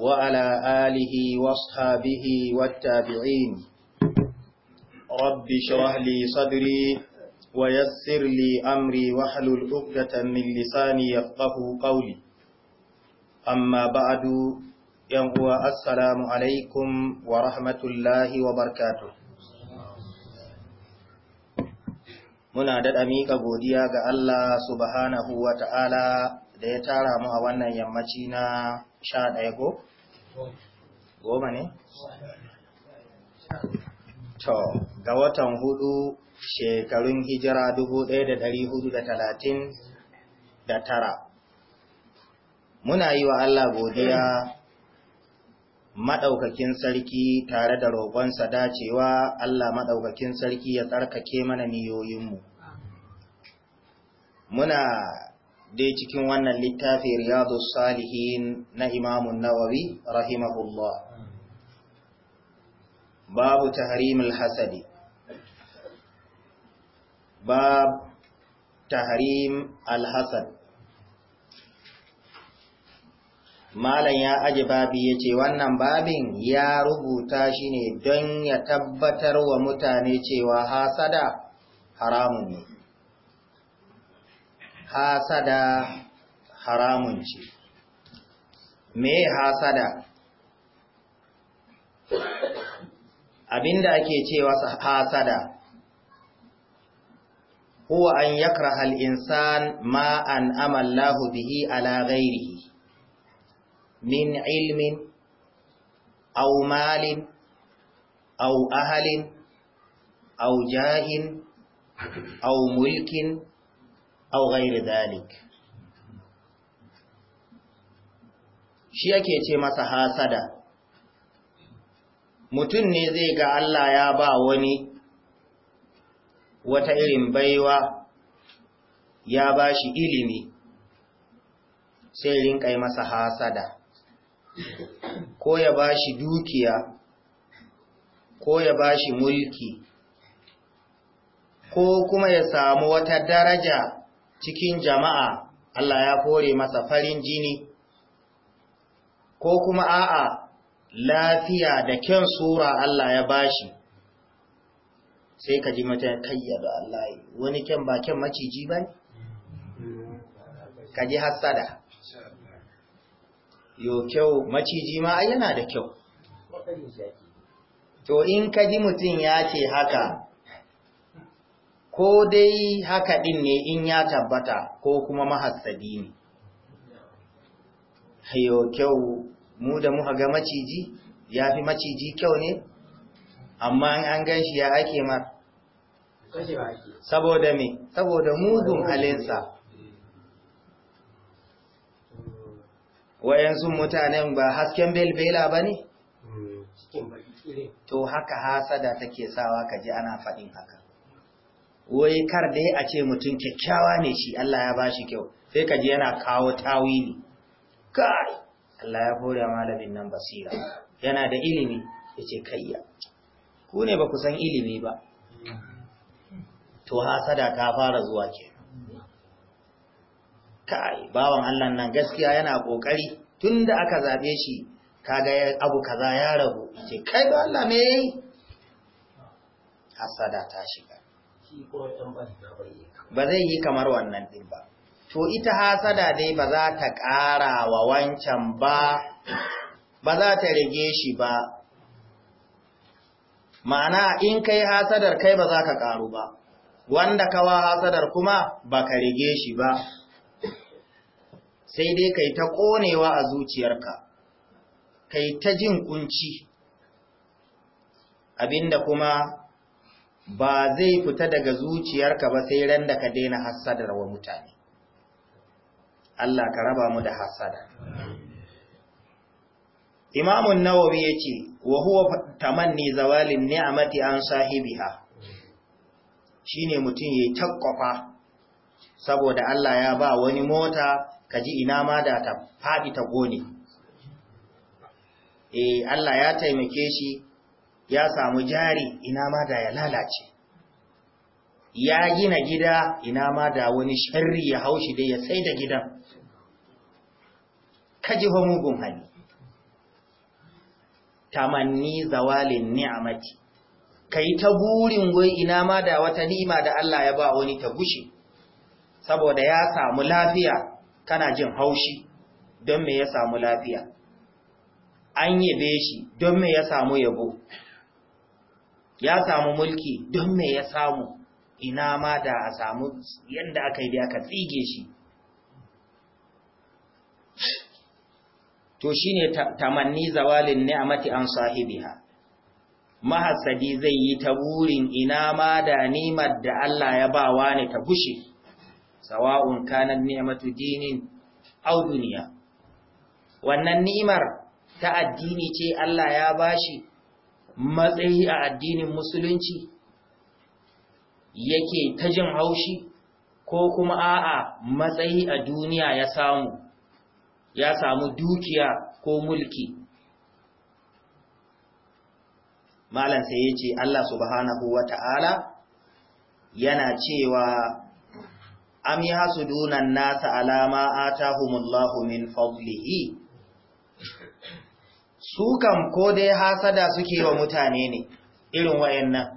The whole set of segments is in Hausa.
وعلى آله واصحابه والتابعين رب شرح لي صدري ويسر لي أمري وحلل عقدة من لساني يفقه قولي أما بعد ينقوى السلام عليكم ورحمة الله وبركاته Muna daɗa miƙa godiya ga Allah subhanahu wa ta'ala da ya tara mu a wannan yammaci na sha ɗaya ko? goma ne? to ga watan hudu shekarun hijira dubu ɗaya da ɗari hudu da talatin da tara muna yi wa Allah godiya maɗaukakin sarki tare da roƙonsa dacewa Allah maɗaukakin sarki ya tsarkake mana niyoyinmu muna dai cikin wannan littafin riyadu salihin na imamun nawawi rahimahullah babu tahrimul hasadi bab tahrim alhasad malam ya aje babi ya ce wannan babin ya rubuta shi ne don ya tabbatar wa mutane cewa hasada haramun ne hasada haramun ce me hasada abinda ake cewa hasada huwa an yakraha al-insan ma an amallahu bihi ala ghairihi min ilmin aw malin aw ahalin aw jahin aw mulkin aw ghairi Dalik, shi ake ce masa hasada mutum ne zai ga Allah ya ba wani wata irin baiwa ya ba shi ilimi sai rinka yi masa hasada ko ya ba shi dukiya ko ya ba shi mulki ko kuma ya samu wata daraja cikin jama'a Allah ya kore masa farin jini, ko kuma a'a lafiya da kyan sura Allah ya bashi, sai ka ji mata kayya da Allah wani kyan ba kyan maciji ba ne? Ka ji hassada. Yo kyau maciji ma yana da kyau. To in ka ji mutum ya ce haka, ko dai haka ɗin ne in ya tabbata ko kuma mahassadi ne. Hayo kyau mu da muka ga maciji, ya fi maciji kyau ne, amma an gan shi ya ake mar. Saboda me, saboda mugun halinsa. Wayansu mutanen ba hasken belbela ba ne? Hmm, to haka hasada take sawa kaji ana faɗin haka. wai kar da a ce mutum kyakkyawa ne shi Allah ya bashi kyau sai ka ji yana kawo tawili kai Allah ya hore malamin nan basira yana da ilimi yace kayya ku ne ba ku san ilimi ba to hasada ta fara zuwa ke kai bawan Allah nan gaskiya yana kokari tunda aka zaɓe shi kaga abu kaza ya rabu yace kai ba Allah me hasada ta ba zai yi kamar wannan din ba to ita hasada dai ba za ta ƙara wa wancan ba ba za ta rage shi ba ma'ana in kai hasadar kai ba za ka ƙaru ba wanda kawa hasadar kuma ba ka rage shi ba sai dai kai ta ƙonewa a zuciyarka kai ta jin kunci abinda kuma ba zai fita daga zuciyarka ba sai ran da ka daina hassadar wa mutane Allah ka raba mu da hassada Imamun Nawawi yace wa huwa tamanni zawalin ni'amati an sahibiha shine mutum yayi takkofa saboda Allah ya ba wani mota kaji ina ma da ta fadi ta gone eh Allah ya taimake shi ya samu jari ina ma da ya lalace ya gina gida ina ma da wani sharri ya haushi da ya sai da gidan kaji fa mugun hali tamanni zawalin ni'amati kai ta burin wai ina ma da wata ni'ima da Allah ya ba wani ta gushi saboda ya samu lafiya kana jin haushi don me ya samu lafiya an yabe shi don me ya samu yabo ya samu mulki don me ya samu ina ma da a samu yadda aka yi da aka tsige shi to shine tamanni zawalin ni'amati an sahibiha mahasadi zai yi ta burin ina ma da nimar da Allah ya ba wa ne ta gushe sawa'un kanan ni'amatu dinin au duniya wannan nimar ta addini ce Allah ya bashi matsayi a addinin musulunci yake ta jin haushi ko kuma a'a matsayi a duniya ya samu ya samu dukiya ko mulki malam sai ya ce Allah subhanahu wa yana cewa am yi su dunan nasa alama a min fadlihi su kam ko dai hasada suke wa mutane ne irin wayannan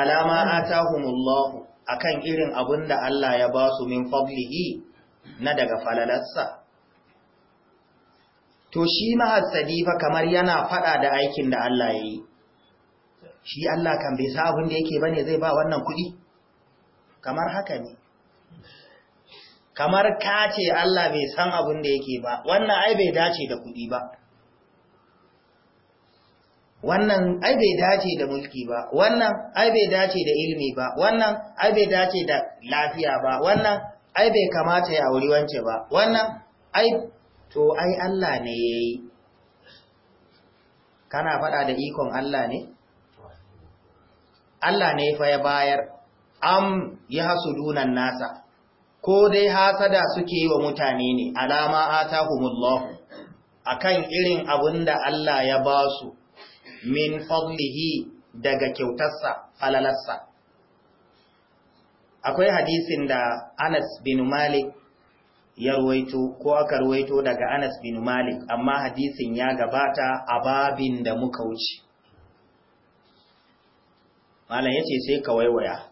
alama atahumullahu akan irin abin da Allah ya ba su min fadlihi na daga falalarsa to shi mahassadi fa kamar yana fada da aikin da Allah ya yi shi Allah kan bai sa abin da yake bane zai ba wannan kuɗi kamar haka ne kamar ka ce Allah bai san abin da yake ba wannan ai bai dace da kuɗi ba wannan ai bai dace da mulki ba wannan ai bai dace da ilimi ba wannan ai bai dace da lafiya ba wannan ai bai kamata ya auri wance ba wannan ai to ai Allah ne yayi kana faɗa da ikon Allah ne Allah ne fa ya bayar am ya yahsudunan nasa ko dai hasada suke yi wa mutane ne alama atahumullahu akan irin abunda Allah ya ba su min fadlihi daga kyautarsa falalarsa akwai hadisin da Anas bin Malik ya ruwaito ko aka ruwaito daga Anas bin Malik amma hadisin ya gabata a babin da muka wuce malam yace sai ka waiwaya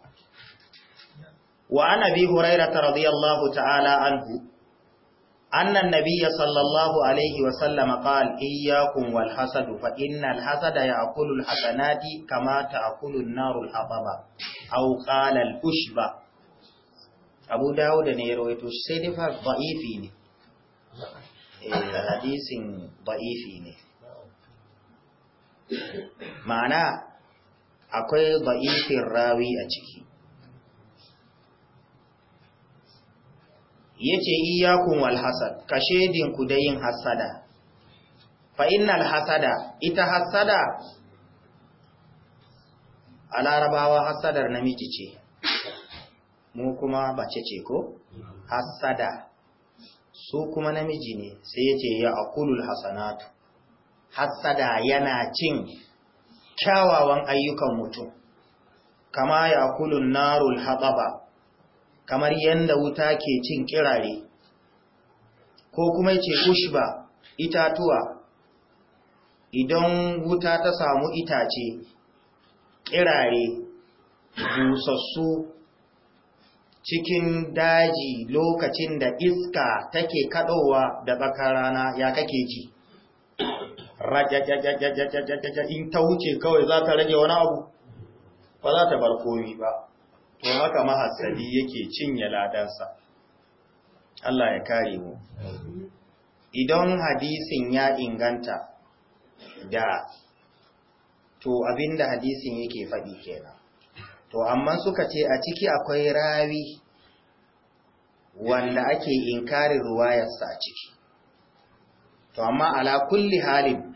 wa an abi hurairah radiyallahu ta'ala anhu annan nabiyya sallallahu alaihi wa sallama qala iyyakum wal hasad fa innal hasada ya'kulu al hasanati kamata ta'kulu an-naru al hababa aw qala al Abu Dawud ne ya rawaito sai dai ne eh hadisin ba'ifi ne ma'ana akwai ba'ifin rawi a ciki yace iyyakum wal hasad kashe ku da yin hasada fa innal hasada ita hasada a larabawa hasadar namiji ce mu kuma bace ce ko hasada su kuma namiji ne sai yace ya akulul hasanatu hasada yana cin kyawawan ayyukan mutum kama ya akulun narul haɗaba kamar yadda wuta ke cin kirare ko kuma ce ushba itatuwa idan wuta ta samu itace kirare busassu cikin daji lokacin da iska take kadowa da tsakar rana ya kake ji in ta wuce kawai za ta rage wani abu ba za ta bar ba to haka mahassadi yake cinye ladansa Allah ya kare mu idan hadisin ya inganta da to abinda hadisin yake faɗi kenan to amma suka ce a ciki akwai rawi wanda ake inkarin ruwayarsa a ciki to amma ala kulli halin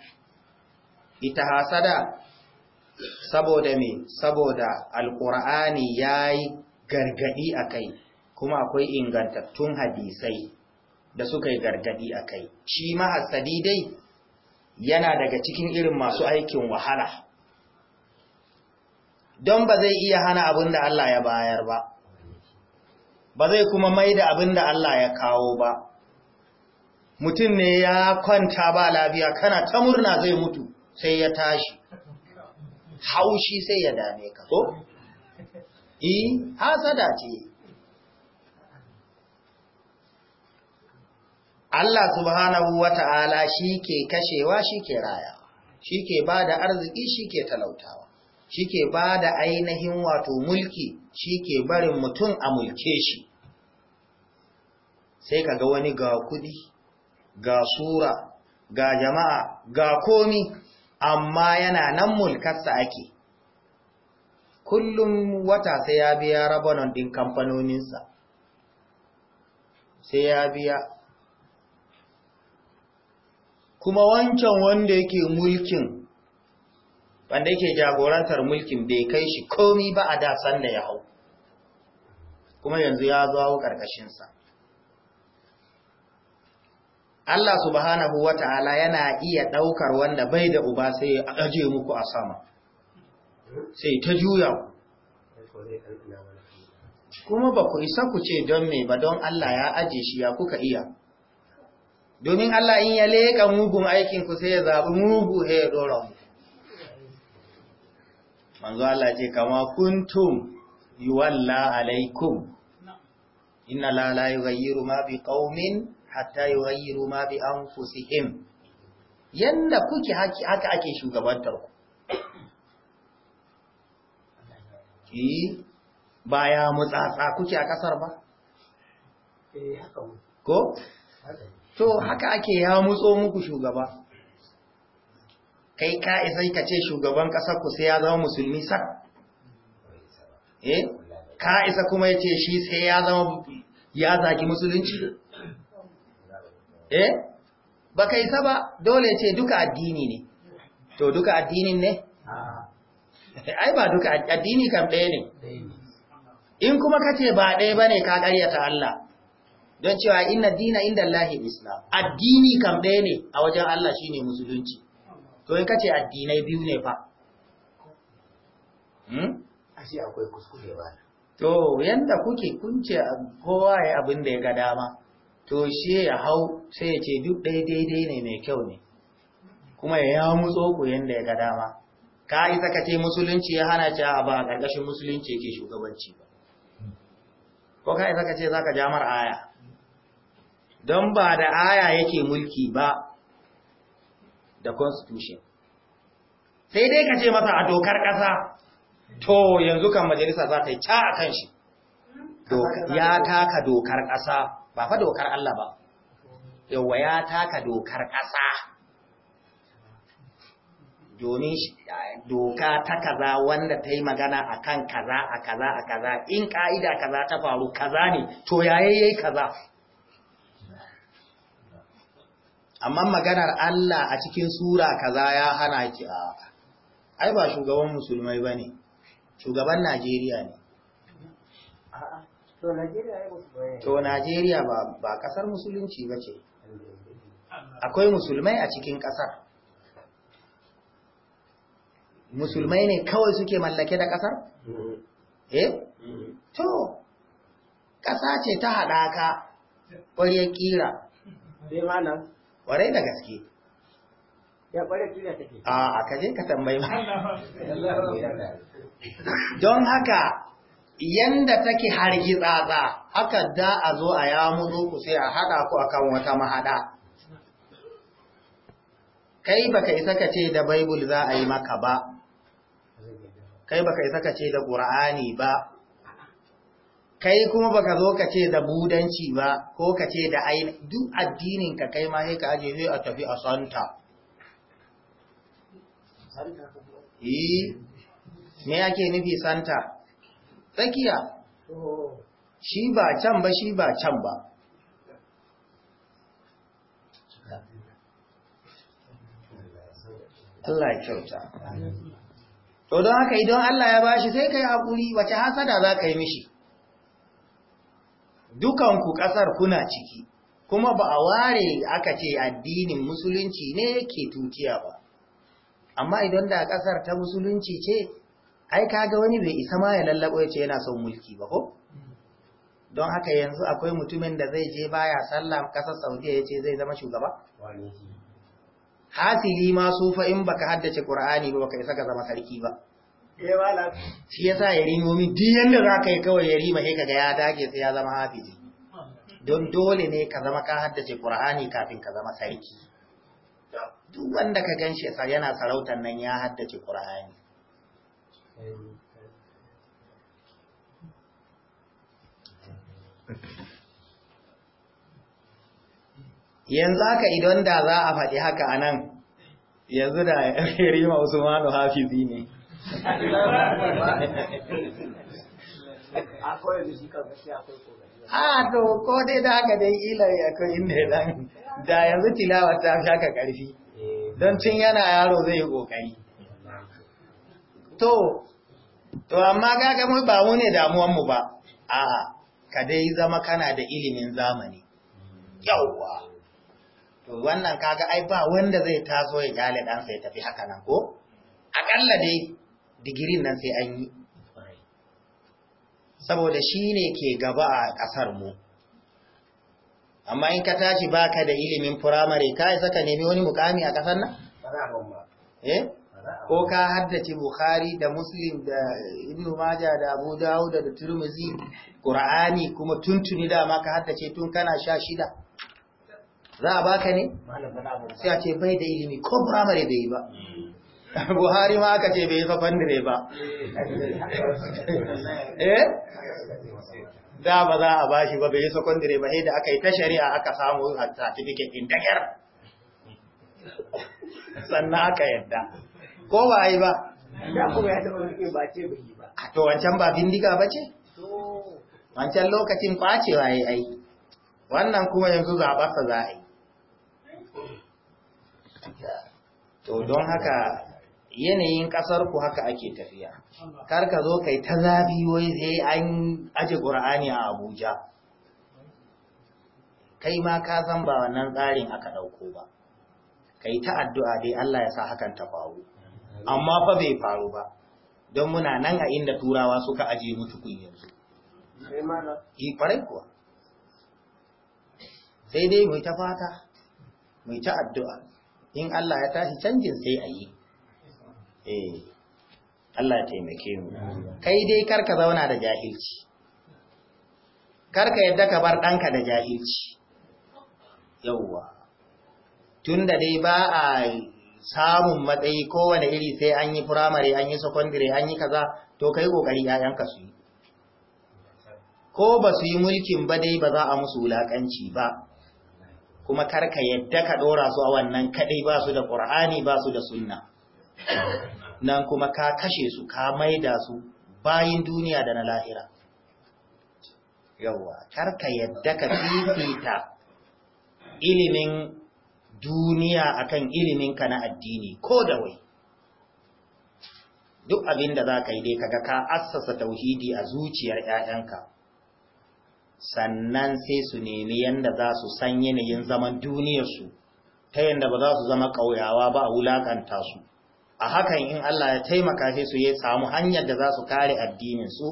ita hasada saboda me saboda alqur'ani yayi gargadi akai kuma akwai ingantattun hadisai da suka yi gargadi akai shi ma hasadi dai yana daga cikin irin masu aikin wahala don ba zai iya hana abinda Allah ya bayar ba ba zai kuma maida da abin da Allah ya kawo ba mutum ne ya kwanta ba lafiya kana ta murna zai mutu sai ya tashi haushi sai ya dame ka ko? Eh, hasada ce. Allah subhanahu wa ta'ala shi ke kashewa shi ke raya, shi ke ba da arziki shi ke talautawa, shi ke ba da ainihin wato mulki shi ke barin mutum a mulke shi. Sai ka ga wani ga kudi, ga sura, ga jama'a, ga komi. amma yana nan mulkarsa ake kullum wata sai ya biya rabanon ɗin kamfanoninsa sai ya biya kuma wancan wanda yake mulkin wanda yake jagorantar mulkin bai kai shi komi ba a da sanda ya hau kuma yanzu ya zo hau ƙarƙashinsa Allah subhanahu wa ta'ala yana iya ɗaukar wanda bai da uba sai a aje muku a sama, sai ta juya Kuma ba ku isa ku ce don me ba don Allah ya aje shi ya kuka iya. Domin Allah in ya leƙa mugun aikinku sai ya zaɓi mugu ya ɗora mu. Manzo Allah ce, kama kuntum yi walla alaikum, inna la la yi ma bi ƙaumin hatta yughayyiru ma bi anfusihim yanda kuke haka ake shugabantar ku eh ba ya mutsatsa kuke a kasar ba eh haka ko to haka ake ya mutso muku shugaba kai ka isai ka ce shugaban kasar ku sai ya zama musulmi sar? eh ka isa kuma yace shi sai ya zama ya zaki musulunci eh ba kai ba dole ce duka addini ne to duka addinin ne ai ba duka addini kam ɗaya ne in kuma kace ba ɗaya bane ka ƙaryata Allah don cewa inna dina inda Allahi islam addini kam ɗaya ne a wajen Allah shine musulunci to in kace addinai biyu ne fa hmm ashe akwai kuskure ba to yanda kuke kun ce kowa ya abin da ya ga dama to shi ya hau sai ya ce duk ɗaya daidai ne mai kyau ne kuma ya yawo mutso ku yanda ya ga dama ka yi ce musulunci ya hana cewa ba a ƙarƙashin musulunci yake shugabanci ba ko ka yi ce za ka jamar aya don ba da aya yake mulki ba da constitution sai dai ka ce masa a dokar ƙasa to yanzu kan majalisa za ta yi ca a kan shi ya taka dokar ƙasa ba fa dokar Allah ba yawa ya taka dokar ƙasa domin doka ta kaza wanda ta yi magana a kan kaza a kaza a kaza in ƙa'ida kaza ta faru kaza ne to yayayye kaza amma maganar Allah a cikin sura kaza ya hana ki a ai ba shugaban musulmai ba ne shugaban Najeriya ne To Najeriya ba kasar musulunci ba ce, akwai musulmai a cikin kasar. Musulmai ne kawai suke mallake da kasar? Mm-hmm. Eh? Mm-hmm. To, kasa ce ta haɗaka ƙwarya ƙira. Ƙwarai da gaske. Ya ƙwarya ƙira take. A, ka je ka tambayi ba. Don haka, yanda take hargitsatsa haka da a zo a zo ku sai a haɗa ku akan wata mahaɗa kai baka isa ka ce da baibul za a yi maka ba kai baka isa ka ce da ƙur'ani ba kai kuma baka zo ka ce da budanci ba ko ka ce da ainihin duk addinin ka kai ma sai ka aje zai a tafi a santa eh me yake nufi santa tsakiya shi ba can ba shi ba can ba Allah ya kyauta to don haka idan Allah ya bashi sai kai hakuri wace hasada za ka yi mishi dukanku ƙasar kuna ciki kuma ba a ware aka ce addinin musulunci ne ke tutiya ba amma idan da ƙasar ta musulunci ce ai kaga wani bai isa ma ya lallabo ya ce yana son mulki ba ko don haka yanzu akwai mutumin da zai je baya sallah kasar saudi ya ce zai zama shugaba hasili ma fa in baka haddace qur'ani ba baka isa ka zama sarki ba shi yasa ya rimo min duk yanda zaka yi kawai ya rima sai kaga ya dage sai ya zama hafizi don dole ne ka zama ka haddace qur'ani kafin ka zama sarki duk wanda ka ganshi yana sarautar nan ya haddace qur'ani yanzu haka idan da za a faɗi haka a nan yanzu da rima usmanu hafizi ne a to ko dai da haka dai ilar ya ko inda ya zan, da yanzu tilawar ta fi haka ƙarfi eh. don tun yana yaro zai yi ƙoƙari to to amma gaga mu ba mu ne mu ba a ka dai zama kana da ilimin zamani yawwa to wannan kaga ai ba wanda zai taso ya gale dan sai tafi haka nan ko akalla dai digirin nan sai an yi saboda shi ne ke gaba a kasar mu amma in ka tashi baka da ilimin firamare ka isa ka nemi wani mukami a kasar nan ba za ba eh ko ka haddace Bukhari da Muslim da Ibn Majah da Abu Dawud da Tirmidhi Qur'ani kuma tuntuni da ma ka haddace tun kana sha shida za a baka ne sai a ce bai da ilimi ko primary bai ba hmm. Buhari ma aka ce bai fa fandire ba hmm. eh da ba za a bashi ba bai secondary ba sai da aka yi ta shari'a aka samu certificate din da sannan aka yadda ko ba yi ba ya taɓa ke ba bai yi ba to wancan ba bindiga ba ce wancan lokacin kwace ya yi wannan kuma yanzu zaɓarsa za a yi to don haka yanayin ƙasar ku haka ake tafiya kar ka zo kai ta zafi wai sai an aje ƙur'ani a abuja kai ma ka san ba wannan tsarin aka ɗauko ba kai ta addu'a dai allah ya sa hakan ta faru amma fa bai faru ba don muna nan a inda turawa suka aje mutu tukun yanzu yi kwarai eh, kuwa sai dai mai ta fata mai ta addu'a in Allah ya tashi canjin sai a yi eh Allah ya taimake mu kai dai karka zauna da jahilci karka yadda ka bar ɗanka da jahilci yauwa tun da dai ba a samun matsayi kowane iri sai an yi firamare an yi sakwandire an yi kaza to kai kokari yayanka su yi ko ba su yi mulkin ba dai ba za a musu wulakanci ba kuma karka yadda ka dora su a wannan kadai ba su da qur'ani ba su da sunna nan kuma ka kashe su ka maida su bayin duniya da na lahira yawwa karka yadda ka fifita ilimin duniya akan iliminka na addini ko da wai duk abin da za ka yi dai kaga ka assasa tauhidi a zuciyar 'ya'yanka sannan sai su nemi yanda za su san yanayin zaman duniyarsu ta yanda ba za su zama ƙauyawa ba a wulakanta su a hakan in Allah ya taimaka sai su ya samu hanyar da za su kare addininsu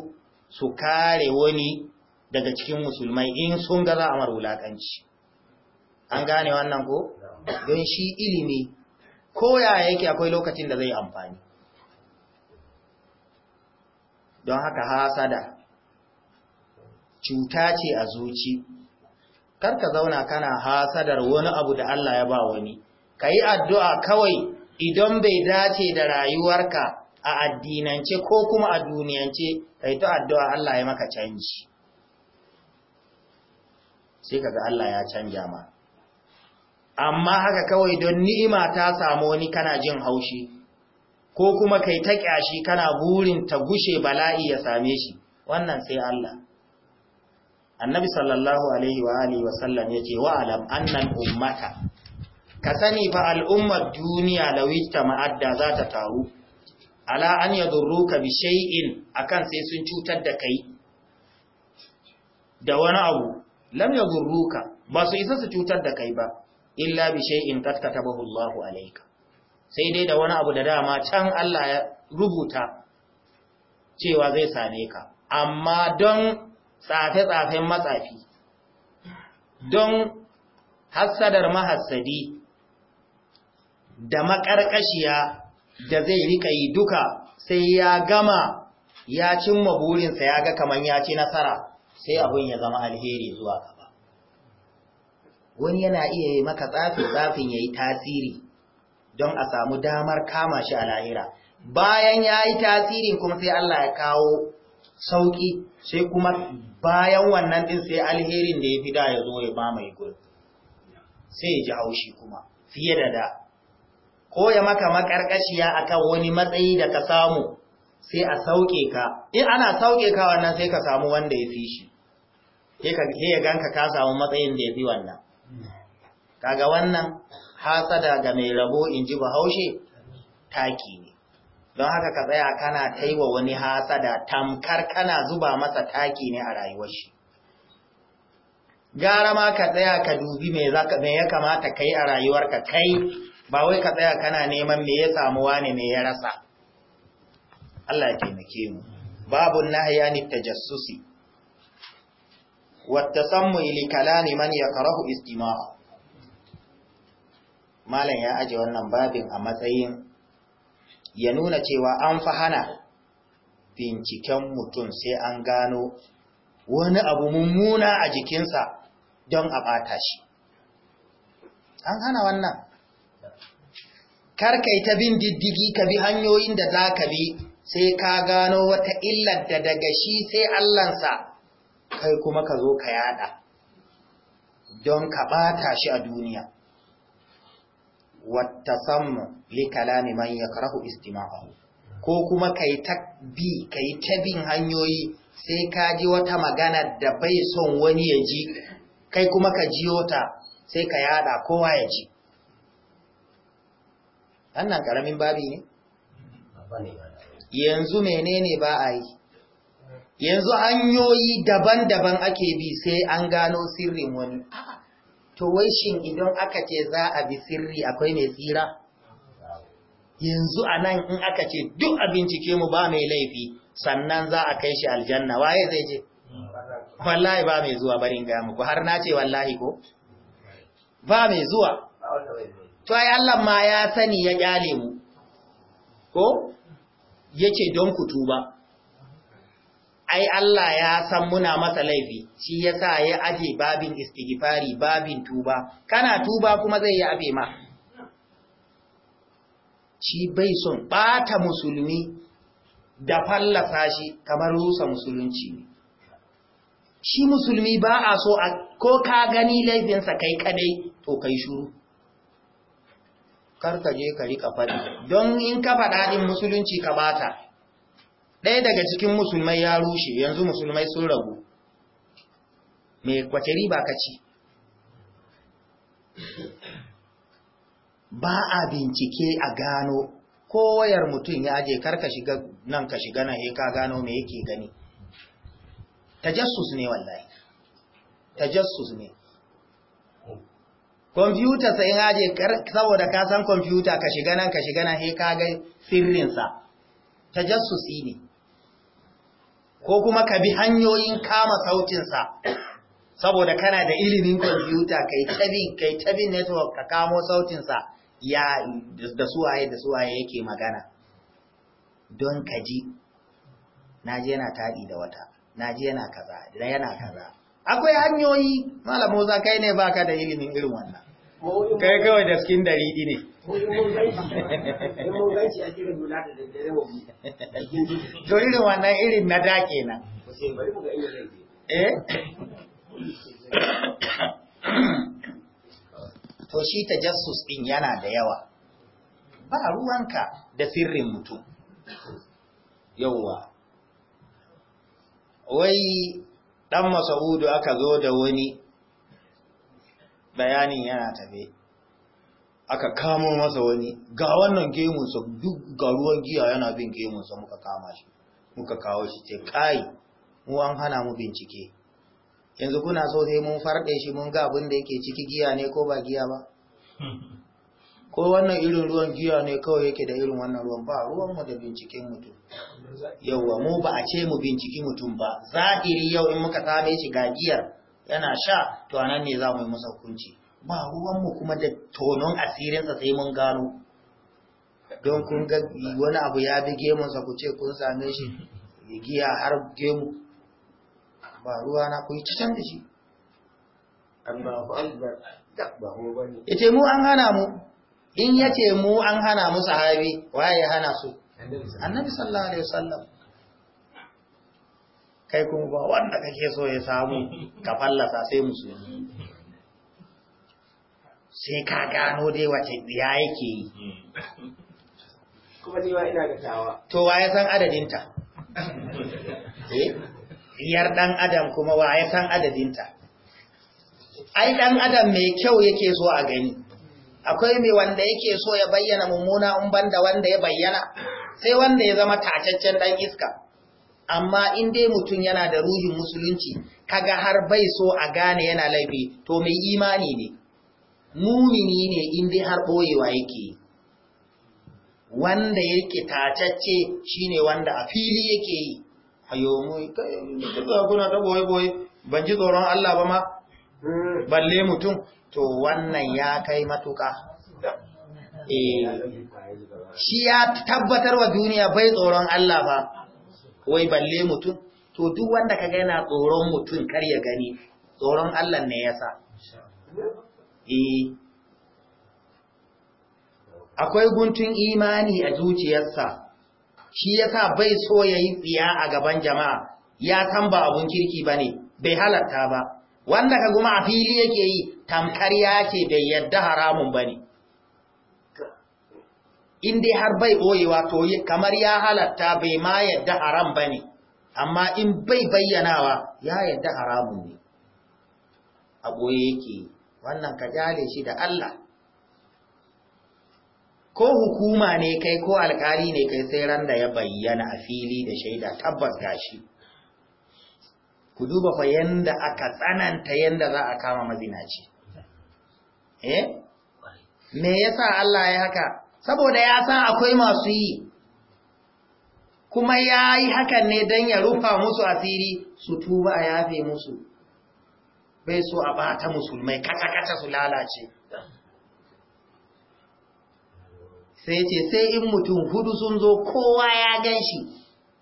su kare wani daga cikin musulmai in sun ga za a mar wulaƙanci an gane wannan ko don shi ilimi ya yake akwai lokacin da zai amfani don haka hasada cuta ce a zuci kar ka zauna kana hasadar wani abu da Allah ya ba wani ka yi addu'a kawai idan bai dace da rayuwarka a addinance ko kuma a duniyance ka yi ta addu'a Allah ya maka canji sai kaga Allah ya canja ma amma haka kawai don ni'ima ta samu wani kana jin haushi ko kuma kai ta kyashi kana burin ta gushe bala'i ya same shi wannan sai Allah annabi sallallahu alaihi wa alihi wa sallam yace wa alam annal ummata ka sani fa al'ummar duniya lawita ma'adda za ta taru ala an yadurruka bi shay'in akan sai sun cutar da kai da wani abu lam yadurruka ba su isa su cutar da kai ba illa bi shay'in qad Allahu alayka sai dai da wani abu da dama can Allah ya rubuta cewa zai same ka amma don tsafe-tsafen matsafi don hassadar mahassadi da makarkashiya da zai rika yi duka sai ya gama ya cimma burinsa ya ga kaman ya ci nasara sai abun ya zama alheri zuwa ka wani yana iya yi maka tsafi tsafin ya yi tasiri don a samu damar kama shi a lahira bayan ya yi tasiri kuma sai Allah ya kawo sauƙi sai kuma bayan wannan din sai alherin da ya fi da ya zo ya mai gurin sai ya ji haushi kuma fiye da da ko ya maka a kan wani matsayi da ka samu sai a sauke ka in ana sauke ka wannan sai ka samu wanda ya fi shi sai ya ganka ka samu matsayin da ya fi wannan kaga wannan hasada ga mai rabo in ji bahaushe taki ne don haka ka tsaya kana taiwa wani hasada tamkar kana zuba masa taki ne a rayuwar shi gara ma ka tsaya ka dubi me ya kamata ka yi a rayuwarka kai ba wai ka tsaya kana neman me ya samu wani me ya rasa Allah ya taimake mu babu nahi tajassusi والتسمع لكلام من يكره استماعه malam ya aje wannan babin a matsayin ya nuna cewa an fahana binciken mutum sai an gano wani abu mummuna a jikinsa don a ɓata shi an hana wannan karkai ta bin diddigi ka bi hanyoyin da za ka bi sai ka gano wata illar da daga shi sai allansa kai kuma ka zo ka yada don ka bata shi a duniya wata li kalami man karahu istimawa, ko kuma kai ta bi ta bin hanyoyi sai ka ji wata magana da bai son wani ya ji kai kuma ka jiyo ta sai ka yada kowa ya ji wannan karamin babi ne yanzu menene ba a yi yanzu hanyoyi daban-daban ake bi sai an gano sirrin wani to wai shin idan aka ce za a bi sirri akwai mai tsira yanzu a nan in aka ce duk a bincike mu ba mai laifi sannan za a kai shi aljanna waye zai je wallahi ba mai zuwa barin ga muku har na ce wallahi ko ba mai zuwa to ai Allah ma ya sani ya kyale mu ko yace don ku tuba ai Allah ya san muna masa laifi shi yasa ya aje babin istighfari babin tuba kana tuba kuma zai yi abe ma shi bai son bata musulmi da fallasa shi kamar rusa musulunci shi musulmi ba a so a ko ka gani laifinsa kai kadai to kai shuru kar ka je ka rika fari don in ka fada din musulunci ka bata ɗaya daga cikin musulmai ya rushe yanzu musulmai sun rabu mai kwace riba ka ci ba a bincike a gano ko wayar mutum ya je kar ka shiga nan ka shiga na ka gano me yake gani tajassus ne wallahi tajassus ne kwamfuta sai ya je saboda ka san kwamfuta ka shiga nan ka shiga na ka ga sirrinsa tajassusi ne ko kuma ka bi hanyoyin kama sautinsa saboda kana da ilimin kwamfuta kai tabi kai tabi network ka kamo sautinsa ya da suwaye da suwaye yake magana don ka ji naji yana taɗi da wata naji yana kaza da yana kaza akwai hanyoyi malamu za kai ne baka da ilimin irin wannan kai kawai da cikin dari ne to irin wannan irin na da kenan eh to shi din yana da yawa ba ruwanka da sirrin mutum Yawwa, wai dan masaudu aka zo da wani bayanin yana tafe aka kamo masa wani ga wannan gemunsa duk ga ruwan giya yana bin gemunsa muka kama shi muka kawo shi ce kai mu an hana mu bincike yanzu kuna so sai mun farɗe shi mun ga abin da yake ciki giya ne ko ba giya ba ko wannan irin ruwan giya ne kawai yake da irin wannan ruwan ba ruwan mu da binciken mutum yauwa mu ba a ce mu binciki mutum ba zahiri yau in muka same shi ga giyar yana sha to anan ne za mu yi masa hukunci ba ruwanmu kuma da tonon asirinsa sai mun gano don kun ga wani abu ya bi gemunsa ku ce kun same shi ya giya har gemu ba ruwa na ku yi cikin da shi ita mu an hana mu in yace mu an hana mu sahabi waye ya hana su annabi sallallahu alaihi wasallam kai kuma ba wanda kake so ya samu ka fallasa sai musulmi sai ka gano dai wace biya yake yi kuma ni ma ina tawa. to waye san adadinta eh yar dan adam kuma waye san adadinta ai dan adam mai kyau yake so a gani akwai mai wanda yake so ya bayyana mummuna in da wanda ya bayyana sai wanda ya zama tacaccen dan iska amma in dai mutum yana da ruhin musulunci kaga har bai so a gane yana laifi to mai imani ne mumini ne in dai har boyewa yake wanda yake tatacce shine wanda a fili yake yi ayo mu kuna ta boye boye ban ji tsoron Allah ba ma balle mutum to wannan ya kai matuka eh shi ya tabbatar wa duniya bai tsoron Allah ba wai balle mutum to duk wanda kaga yana tsoron mutum kar ya gani tsoron Allah ne yasa eh akwai guntun imani a zuciyarsa shi yasa bai so yayi tsiya a gaban jama'a ya san ba abun kirki bane bai halarta ba wanda ka kuma a fili yake yi tamkar ya ce bai yadda haramun bane in dai har bai ɓoyewa to kamar ya halatta bai ma yadda haram ba ne amma in bai bayyanawa ya yadda haramun ne a ɓoye yake wannan ka jale shi da Allah ko hukuma ne kai ko alkali ne kai sai ran da ya bayyana a fili da shaida tabbas gashi ku duba fa yanda aka tsananta yanda za a kama mazinaci eh me yasa Allah ya haka saboda ya san akwai masu yi kuma ya yi hakan ne don ya rufa musu asiri su tuba a yafe musu bai so a bata musulmai kata-kata su lalace sai ce sai in mutum hudu sun zo kowa ya gan shi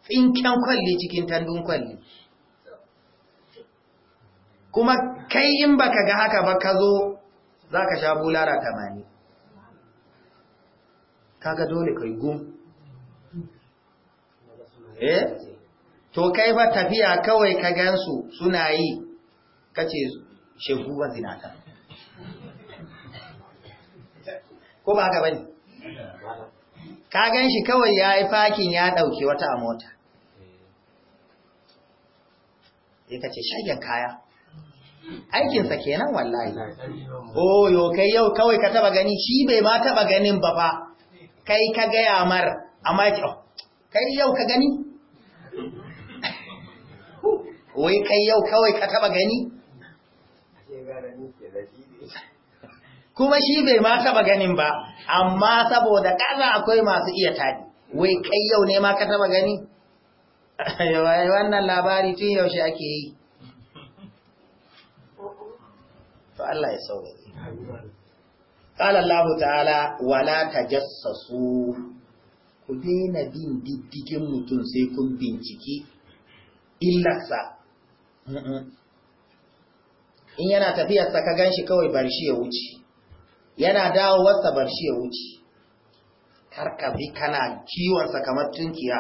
tsinken kwalli cikin tandun kwalli kuma kai in baka ga haka ba ka zo za ka sha bulara tamani kaga dole kai gum eh to kai ba tafiya kawai ka gansu suna yi kace shegu ba zinata ko ba ka bane ka ganshi kawai ya yi fakin ya dauke wata mota eh kace shagen kaya aikinsa kenan wallahi oh yo kai yau kawai ka taba gani shi bai ma taba ganin ba fa kai ka gaya mar amma ya ce oh, kai yau ka gani wai kai yau kawai ka taba gani kuma shi bai ma taba ganin ba amma saboda kaza akwai masu iya tadi wai kai yau ne ma ka taba gani wannan labari tun yaushe ake yi to Allah ya sauke Ƙala Allah ta'ala wala tajassasu ku daina bin diddigin mutum sai kun binciki illarsa. In yana tafiyarsa ka gan shi kawai barshi ya wuce, yana dawowarsa barshi ya wuce, karka bi kana kiwonsa kamar tunkiya.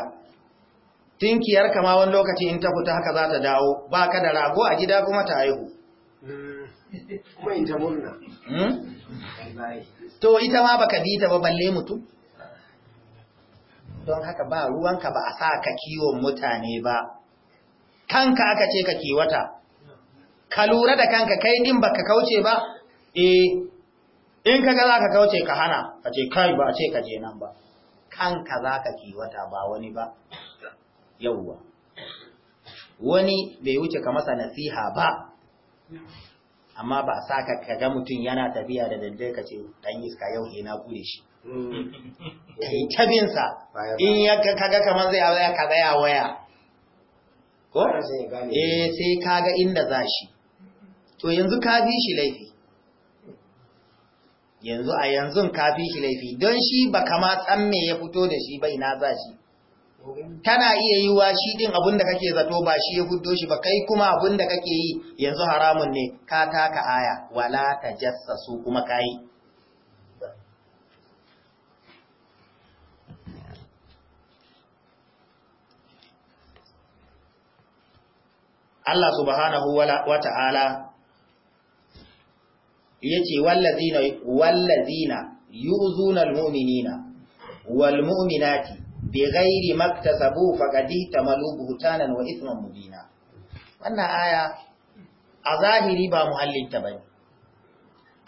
Tunkiyar kama wani lokaci in ta fita haka za ta dawo, ba ka da rago a gida kuma ta haihu. Mm. Mai ta murna. Mm? to ita ma baka bi ta ba balle mutum don haka ba ruwanka ba a sa ka kiwon mutane ba kanka aka ce ka kiwata ka lura da kanka kai din baka kauce ba eh in kaga za ka kauce ka hana ka ce kai ba a ce ka je nan ba kanka za ka kiwata ba wani ba yauwa wani bai wuce ka masa nasiha ba amma ba a saka ka ga mutum yana tafiya da daddare ka ce dan iska yau he na gure shi kai mm. tabin sa in ya kaga kamar zai waya ka tsaya waya ko eh sai kaga inda zashi to yanzu ka bi shi laifi yanzu a yanzu ka fi shi laifi don shi ba kama tsan me ya fito da shi bai na za shi tana iya yi wa shi din abin da kake zato ba shi ya guddo shi ba kai kuma abin da kake yi yanzu haramun ne ka taka aya wala ta jassasu kuma kai Allah subhanahu wa ta'ala ya ce wallazina yu'zuna almu'minina walmu'minati bi ghairi maktasabu faqad tamalu Hutanan wa ithman mubina wannan aya a zahiri ba muhallinta bane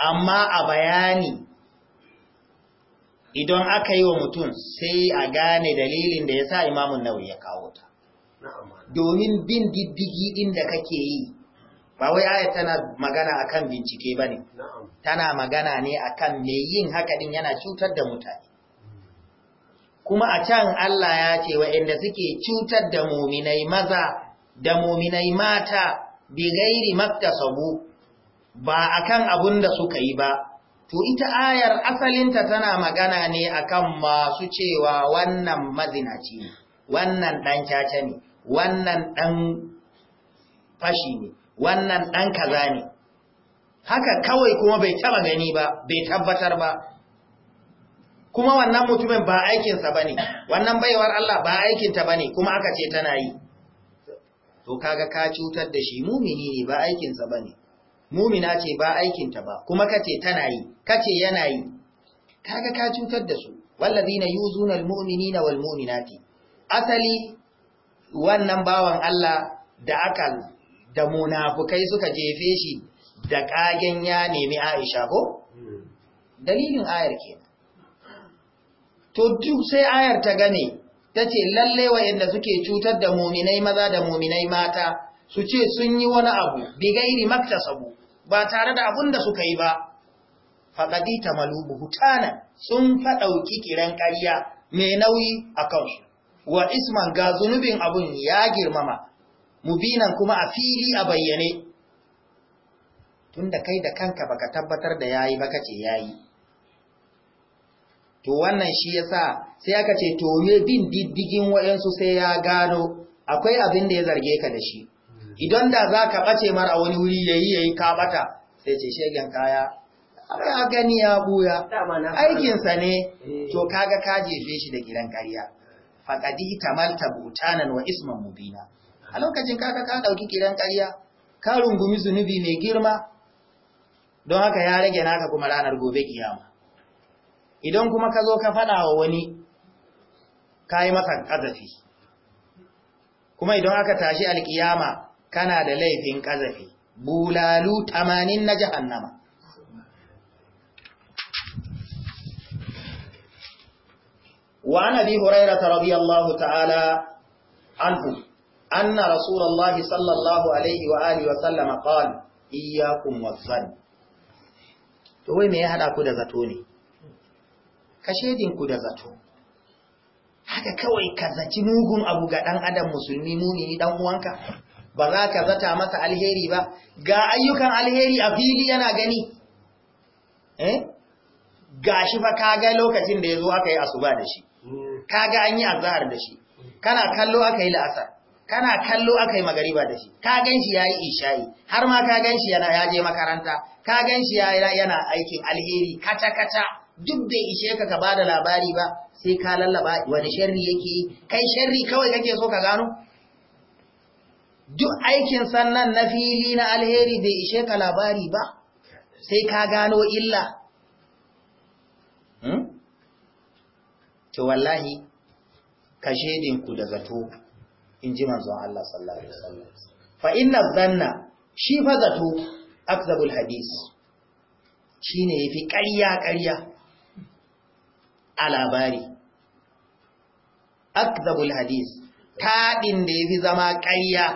amma a bayani idan aka yi wa mutum sai a gane dalilin da ya sa imamun nauri ya kawo ta. Domin bin diddigi ɗin da kake yi, ba wai aya tana magana akan bincike ba ne, tana magana ne akan mai yin haka ɗin yana cutar da mutane. kuma a can Allah ya ce wa'inda suke cutar da muminai maza da muminai mata bi gairi maktasabu ba akan abun da suka yi ba to ita ayar asalinta tana magana ne akan masu cewa wannan mazinaci ne wannan ɗan caca ne wannan ɗan fashi ne wannan ɗan kaza ne haka kawai kuma bai taba gani ba bai tabbatar ba kuma wannan mutumin ba aikinsa ba ne wannan baiwar Allah ba aikinta ba ne kuma aka ce tana yi to kaga ka cutar da shi mumini ne ba aikinsa ba ne mumina ce ba aikinta ba kuma kace tana yi kace yana yi kaga ka cutar da su wallazina yuzuna almu'minina walmu'minati asali wannan bawan Allah da aka da munafukai suka jefe shi da kagen ya nemi Aisha ko hmm. dalilin ayar kenan to duk sai ayar ta gane ta ce lalle wa'yanda suke cutar da muminai maza da muminai mata su ce sun yi wani abu bigairi maktasabu ba tare da abun da suka yi ba faɗaɗi ta malubu hutana sun faɗauki kiran ƙarya mai nauyi a kansu wa isman ga zunubin abun ya girmama mubinan kuma a fili a bayyane tunda kai da kanka baka tabbatar da yayi baka ce yayi to wannan shi ya sa sai aka ce to ne bin diddigin wayansu sai ya gano akwai abin da ya zarge ka da shi idan da za ka ɓace mara wani wuri yayi yayi ka ɓata sai ce shegen kaya ya gani ya buya aikinsa ne eh. to kaga ka jefe shi da gidan karya faƙadi tamalta butanan wa isman mubina a lokacin kaka ka ɗauki gidan karya ka rungumi zunubi mai girma don haka ya rage naka kuma ranar gobe kiyama idan kuma ka zo ka fada wa wani ka yi matan ƙazafi kuma idan aka tashi alkiyama kana da laifin ƙazafi bulalu tamanin na jahannama wa nabi huraira ta radiyallahu ta'ala anhu anna rasulallahi sallallahu alaihi wa alihi wa sallama qala iyyakum wasan. to wai me ya hada ku da zato ne ka ku da zato haka kawai ka zaci mugun abu ga ɗan adam musulmi ni ɗan uwanka ba za ka zata masa alheri ba ga ayyukan alheri a fili yana gani eh? ga shi fa kaga lokacin da ya zo aka yi asuba da shi kaga an yi azahar da shi kana kallo aka yi la'asar kana kallo aka yi magariba da shi ka gan shi ya yi ishayi har ma ka gan shi yana yaje makaranta ka gan shi yana aikin alheri kata-kata duk bai ishe ka ka bada labari ba sai ka lallaba wani sharri yake yi kai sharri kawai kake so ka gano duk aikin sannan na fili na alheri bai ishe ka labari ba sai ka gano illa hmm? to wallahi ka shedinku da zato in ji manzon Allah sallallahu alaihi wasallam fa inna zanna shi fa zato akzabul hadis shine yafi ƙarya ƙarya a labari akzabul hadis taɗin da ya fi zama ƙarya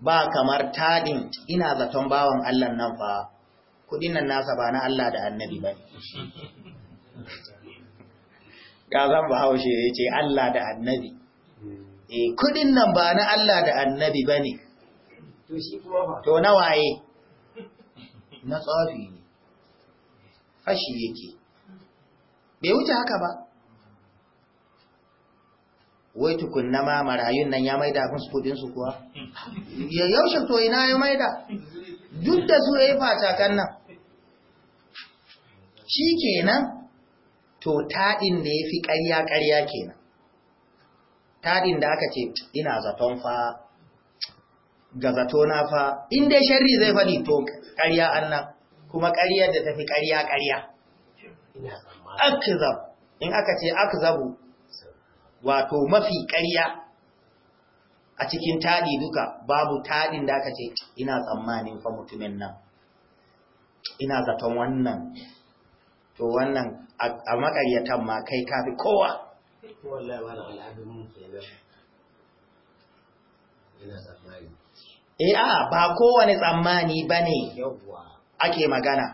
ba kamar taɗin ina zaton bawan Allah nan fa kudin nan nasa ba na Allah da annabi ba ƙazan ba haushe ya ce Allah da annabi e eh, kudin nan ba na Allah da annabi ba ne to na waye na tsafi ne fashi yake bai wuce haka ba wai tukunna ma marayun nan ya maida abin su kudin su kuwa ya yaushe to ina ya maida duk da su yayi kan nan shikenan to taɗin da ya fi ƙarya ƙarya kenan taɗin da aka ce ina zaton fa ga zato na fa in dai sharri zai faɗi to ƙarya annan kuma ƙaryar da ta fi ƙarya ƙarya akzab in aka ce akzabu wato mafi ƙarya a cikin taɗi duka babu taɗin da aka ce ina tsammanin fa mutumin nan ina zaton wannan to wannan a makaryatan ma kai kafi kowa e a ba kowane tsammani ba ne ake magana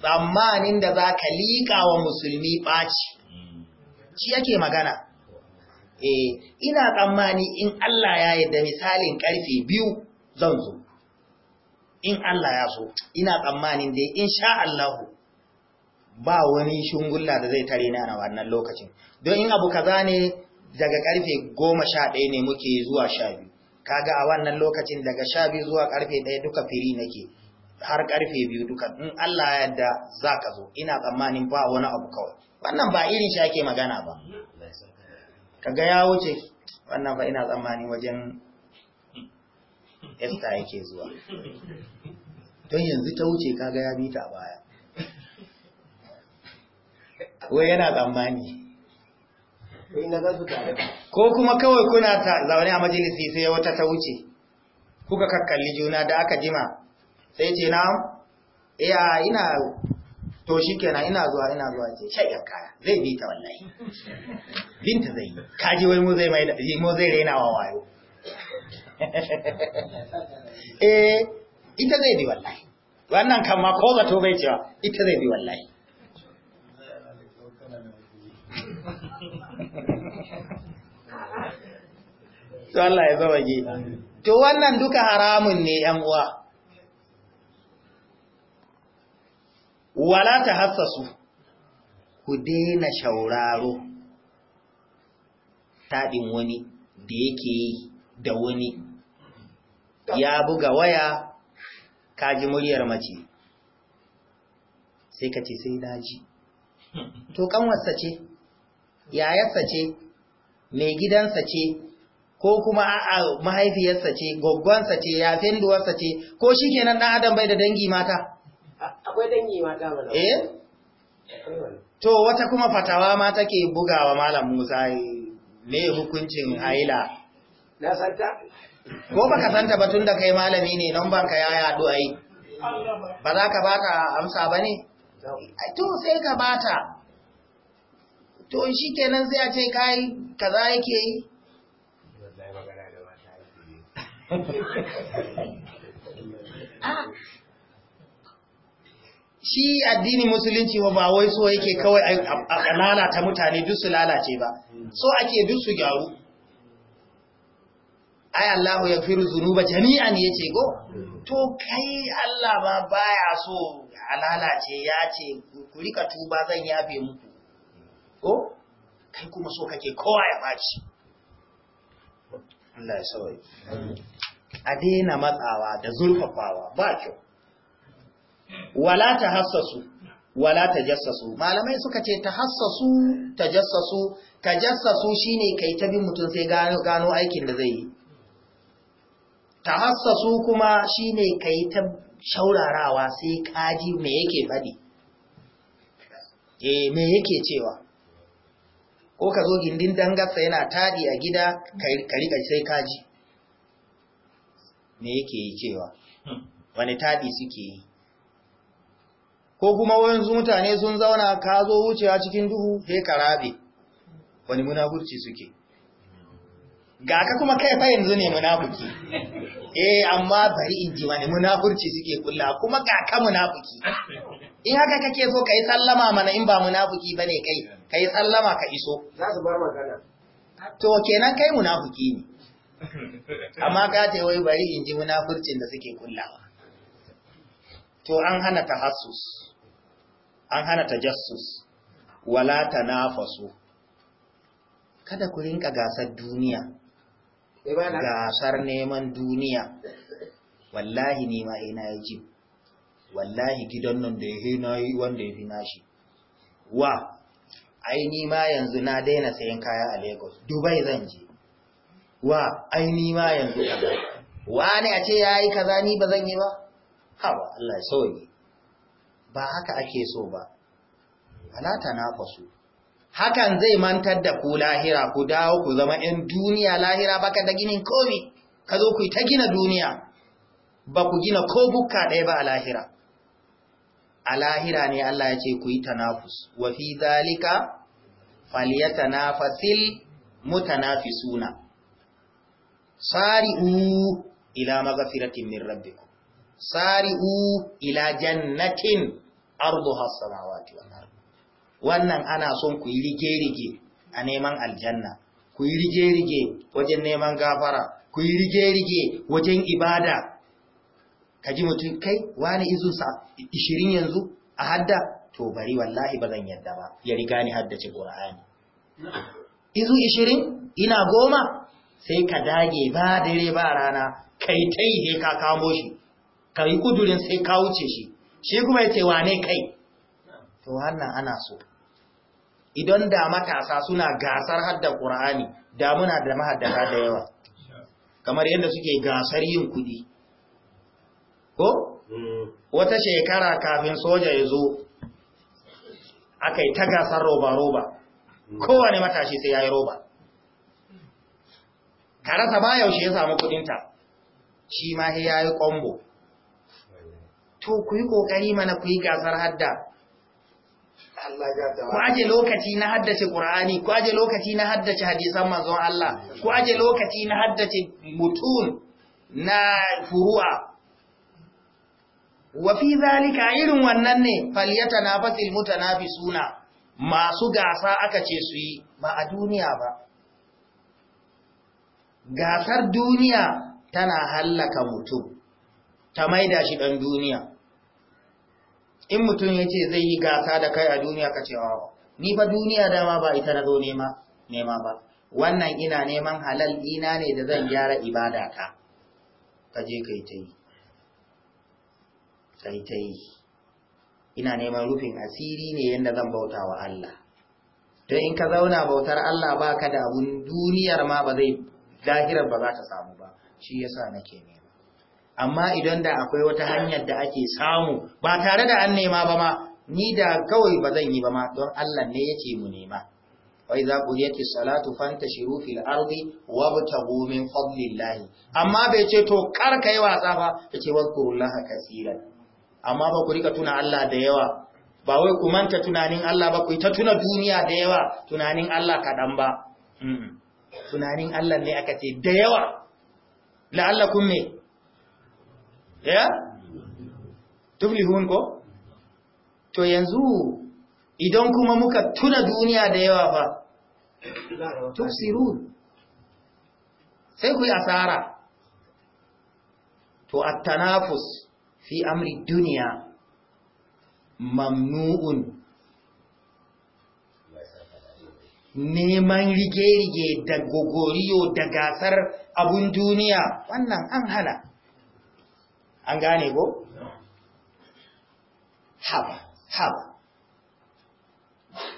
tsammanin da za ka liƙa wa musulmi ɓaci shi yake magana eh ina tsammani in Allah ya da misalin ƙarfe biyu zan zo in Allah ya so ina tsammanin da in sha Allahu, ba wani shungulla da zai tare na a wannan lokacin don in abu kaza ne daga ƙarfe goma sha ɗaya ne muke zuwa sha biyu kaga a wannan lokacin daga sha biyu zuwa ƙarfe ɗaya duka firi nake har karfe biyu dukan in Allah ya yarda za ka zo ina tsammanin ba wani abu kawai wannan ba irin shi ake magana ba ga ya wuce wannan ba ina tsammanin wajen Esther yake zuwa don yanzu ta wuce ga ya bita baya wai yana tsammani ko kuma kawai kuna zaune a majalisi sai wata ta wuce kuka kakkalli juna da aka jima sai ce na iya eh, ina to shi kenan ina zuwa ina zuwa ce shayyar kaya zai bi ta wallahi binta zai kaji wai mu zai mai mu zai raina wa wayo eh ita zai bi wallahi wannan kan ma ko zato bai cewa ita zai bi wallahi to Allah ya zama ge to wannan duka haramun ne yan uwa wala ta hassasu ku daina shauraro taɗin wani da yake yi da wani ya buga waya kaji muryar mace sai ka ce sai daji to kanwarsa ce yayarsa ce mai gidansa ce ko kuma a'a mahaifiyarsa ce gwaggwansa ce yafin duwarsa ce ko shi kenan dan adam bai da dangi mata akwai dangi ma ɗamana. Eh? To wata kuma fatawa ma take bugawa Malam Musa me hukuncin haila. Na santa? Ko baka santa ba tunda da kai malami ne nan banka ya yaɗu ai. Ba za ka bata amsa ba ne? To sai ka bata. To shi kenan sai a ce kai kaza yake yi? Ah, shi addini musulunci ba wai so yake kawai a lalata mutane duk su lalace ba so ake duk su gyaru ai Allahu ya firu zunuba jami'an yace go to kai Allah ba baya so a lalace yace ce ku rika tuba zan yafe muku ko kai kuma so kake kowa ya baci Allah ya sauye a daina matsawa da zurfafawa ba kyau wala ta hassasu, wala ta jassasu, malamai suka ce ta ta hassasu tahassasu tajassasu tajassasu shine kai ta bin mutum sai gano gano aikin da zai yi ta hassasu kuma shine kai ta shaurarawa sai kaji me yake faɗi eh me yake cewa ko ka zo gindin dangarsa yana tadi a gida ka rika sai kaji me yake yi cewa hmm. wani tadi suke yi ko kuma wayansu mutane sun zauna ka zo wucewa cikin duhu he karabe wani munafurci suke ga ka kuma kai fa yanzu ne munafuki eh amma bari in ji wani munafurci suke kulla kuma ga ka munafuki in haka kake so kai sallama mana in ba munafuki bane kai kai sallama ka iso za su bar magana to kenan kai munafuki ne amma ka ce wai bari in ji munafurcin da suke kullawa to an hana tahassus an hana tajassus wala tanafasu kada ku rinka gasar duniya eh, gasar neman duniya wallahi ni ma ina yi jin wallahi gidan nan da ya na yi wanda ya fi nashi wa ai ma yanzu na daina sayan kaya a lagos dubai zan je wa ai ma yanzu kaza wani a ce ya yi kaza ni ba zan yi ba hawa allah ya sauye ba haka ake so ba ta na kwaso. hakan zai mantar da ku lahira ku dawo ku zama 'yan duniya lahira baka da ginin komi ka zo ku ta gina duniya ba ku gina ko bukka ɗaya ba a lahira a lahira ne Allah ya ce ku yi tanafus wa fi zalika fi suna. sari'u ila maghfiratin min rabbikum sari'u ila jannatin ardu samawati wal wannan ana son ku yi rige-rige a neman aljanna ku yi rige-rige wajen neman gafara ku yi rige-rige wajen ibada ka ji mutum kai wani izinsa ishirin yanzu a hadda to bari wallahi ba zan yadda ba ya riga ni haddace qur'ani izu ishirin ina goma sai ka dage ba dare ba rana kai tai sai ka kamo shi ka yi kudurin sai ka wuce shi shi kuma ya ce wane kai to wannan ana so idan da matasa suna gasar hadda ƙura'ani damuna da mahaddara da yawa kamar yadda suke gasar yin kudi ko wata shekara kafin soja ya zo aka yi ta gasar roba-roba kowane matashi sai ya yi roba karasa ba yaushe ya samu kudinta shi ma ya yi kombo to ku yi ƙoƙari mana ku yi gasar hadda ku aje lokaci na haddace ƙur'ani ku aje lokaci na haddace hadisan manzon Allah ku aje lokaci na haddace mutun na furu'a wa fi zalika irin wannan ne falyata nafasil mutanafisuna masu gasa aka ce su yi ba a duniya ba gasar duniya tana hallaka mutum ta maida shi dan duniya in mutum ya ce zai yi gasa da kai a duniya ka ce wa oh, ni fa duniya dama ba ita na zo nema ba wannan ina neman halal ina ne da zan gyara ibada ta ka je kai ta yi kai ta yi ina neman rufin asiri ne yadda zan bauta wa Allah don in ka zauna bautar Allah baka da abun duniyar ma ba zai zahirar ba za ta samu ba shi yasa nake ne amma idan da akwai wata hanyar da ake samu ba tare da an nema ba ma ni da kawai ba zan yi ba ma don Allah ne yake mu nema wai za ku yake salatu fantashiru fil ardi wabtagu min fadlillahi amma bai ce to kar watsa wasa fa yace wazkurullaha kaseeran amma ba ku rika tuna Allah da yawa ba wai ku manta tunanin Allah ba ku ta tuna duniya da yawa tunanin Allah kadan ba tunanin Allah ne aka ce da yawa la'allakum ne. ya hun ko to yanzu idan kuma muka tuna duniya da yawa fa tufsirun sai ku yi asara to atanafus fi amri duniya mamnu'un neman rige-rige da gogoriyo da gasar abun duniya wannan an hana an gane ko? haba haba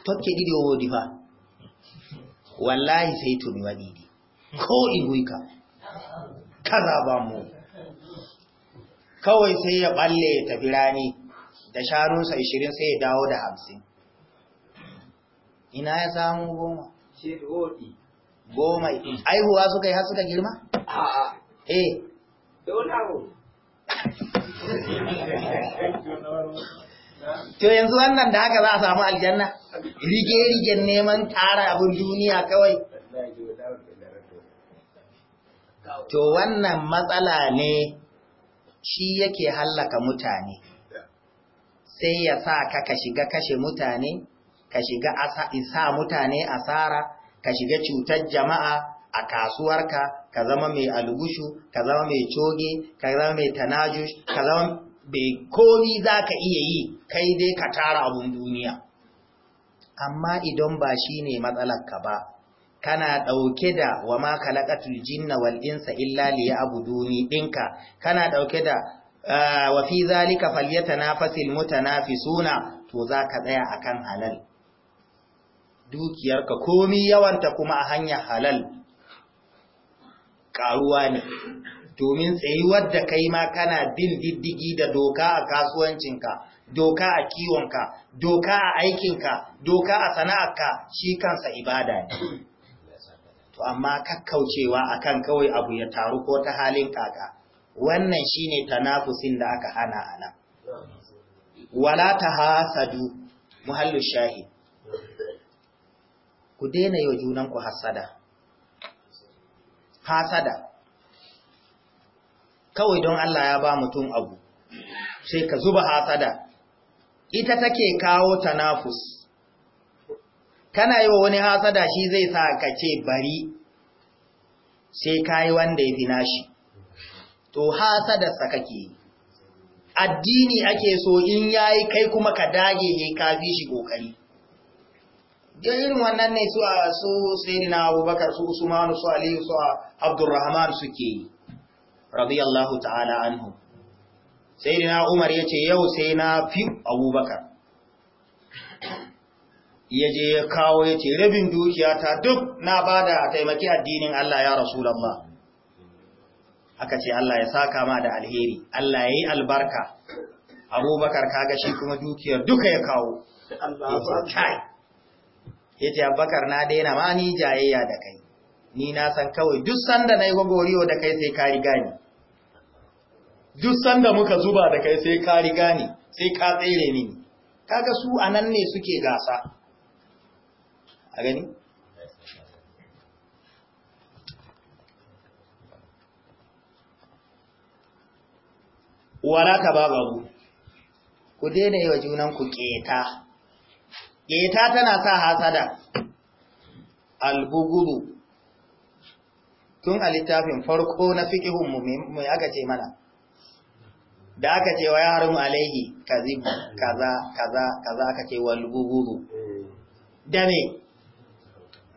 tokke ɗiɗi o wodi fa wallahi sai to mi waɗiɗi ko iguika kaza ba mu kawai sai ya ɓalle ya tafi rani da shanunsa ishirin sai ya dawo da hamsin ina ya samu goma goma aihuwa suka yi har suka girma? eh To yanzu wannan da haka za a samu aljanna, rige-rigen neman tara abin duniya kawai. To wannan matsala ne shi yake hallaka mutane, sai ya sa ka ka shiga kashe mutane, ka shiga isa mutane asara, ka shiga cutar jama'a, a kasuwarka ka zama mai algushu ka zama mai coge ka zama mai tanajush ka zama bai kori za ka iya yi kai dai ka tara abun duniya amma idan ba shi ne ka ba kana ɗauke da wa ma kalakatul jinna wal insa illa li duni dinka kana ɗauke da eh, wa fi zalika falyatanafasil mutanafisuna to za ka tsaya akan halal dukiyarka komi yawanta kuma a hanyar halal karuwa ne domin tsayuwar da kai ma kana bin diddigi da doka a kasuwancinka doka a kiwonka doka a aikinka doka a sana'arka shi kansa ibada ne to amma kakkaucewa akan kawai abu ya taru ko ta halin kaka wannan shine tanafusin da aka hana ana wala tahasadu muhallu shahi ku daina yau junan ku hasada hasada kawai don Allah ya ba mutum abu sai ka zuba hasada ita take kawo tanafus kana yi wa wani hasada shi zai sa ka ce bari sai yi wanda ya fi nashi to hasadarsa kake ke. addini ake so in yayi kai kuma ka dage ne ka fi shi kokari duk irin wannan ne su a su sayyidina abubakar su usmanu su aliyu su abdurrahman suke yi radiyallahu ta'ala anhu Sai na umar yace yau sai na fi abubakar yaje ya kawo yace rabin dukiya ta duk na bada taimaki addinin Allah ya rasulullah aka ce Allah ya saka ma da alheri Allah ya yi albarka abubakar kaga shi kuma dukiyar duka ya kawo Allah ya ya ce abubakar na daina ma ni jayayya da kai ni na san kawai duk sanda na yi gwagwariyo da kai sai ka riga ni duk sanda muka zuba da kai sai ka riga ni sai ka tsere ni kaga su a nan ne suke gasa a gani wala ta babu ku daina yi wa junanku keta ƙeta tana sa hasada albugudu tun a littafin farko na fikihun mai aka ce mana da aka ce wa alaihi kazib kaza kaza kaza aka ce walbugudu da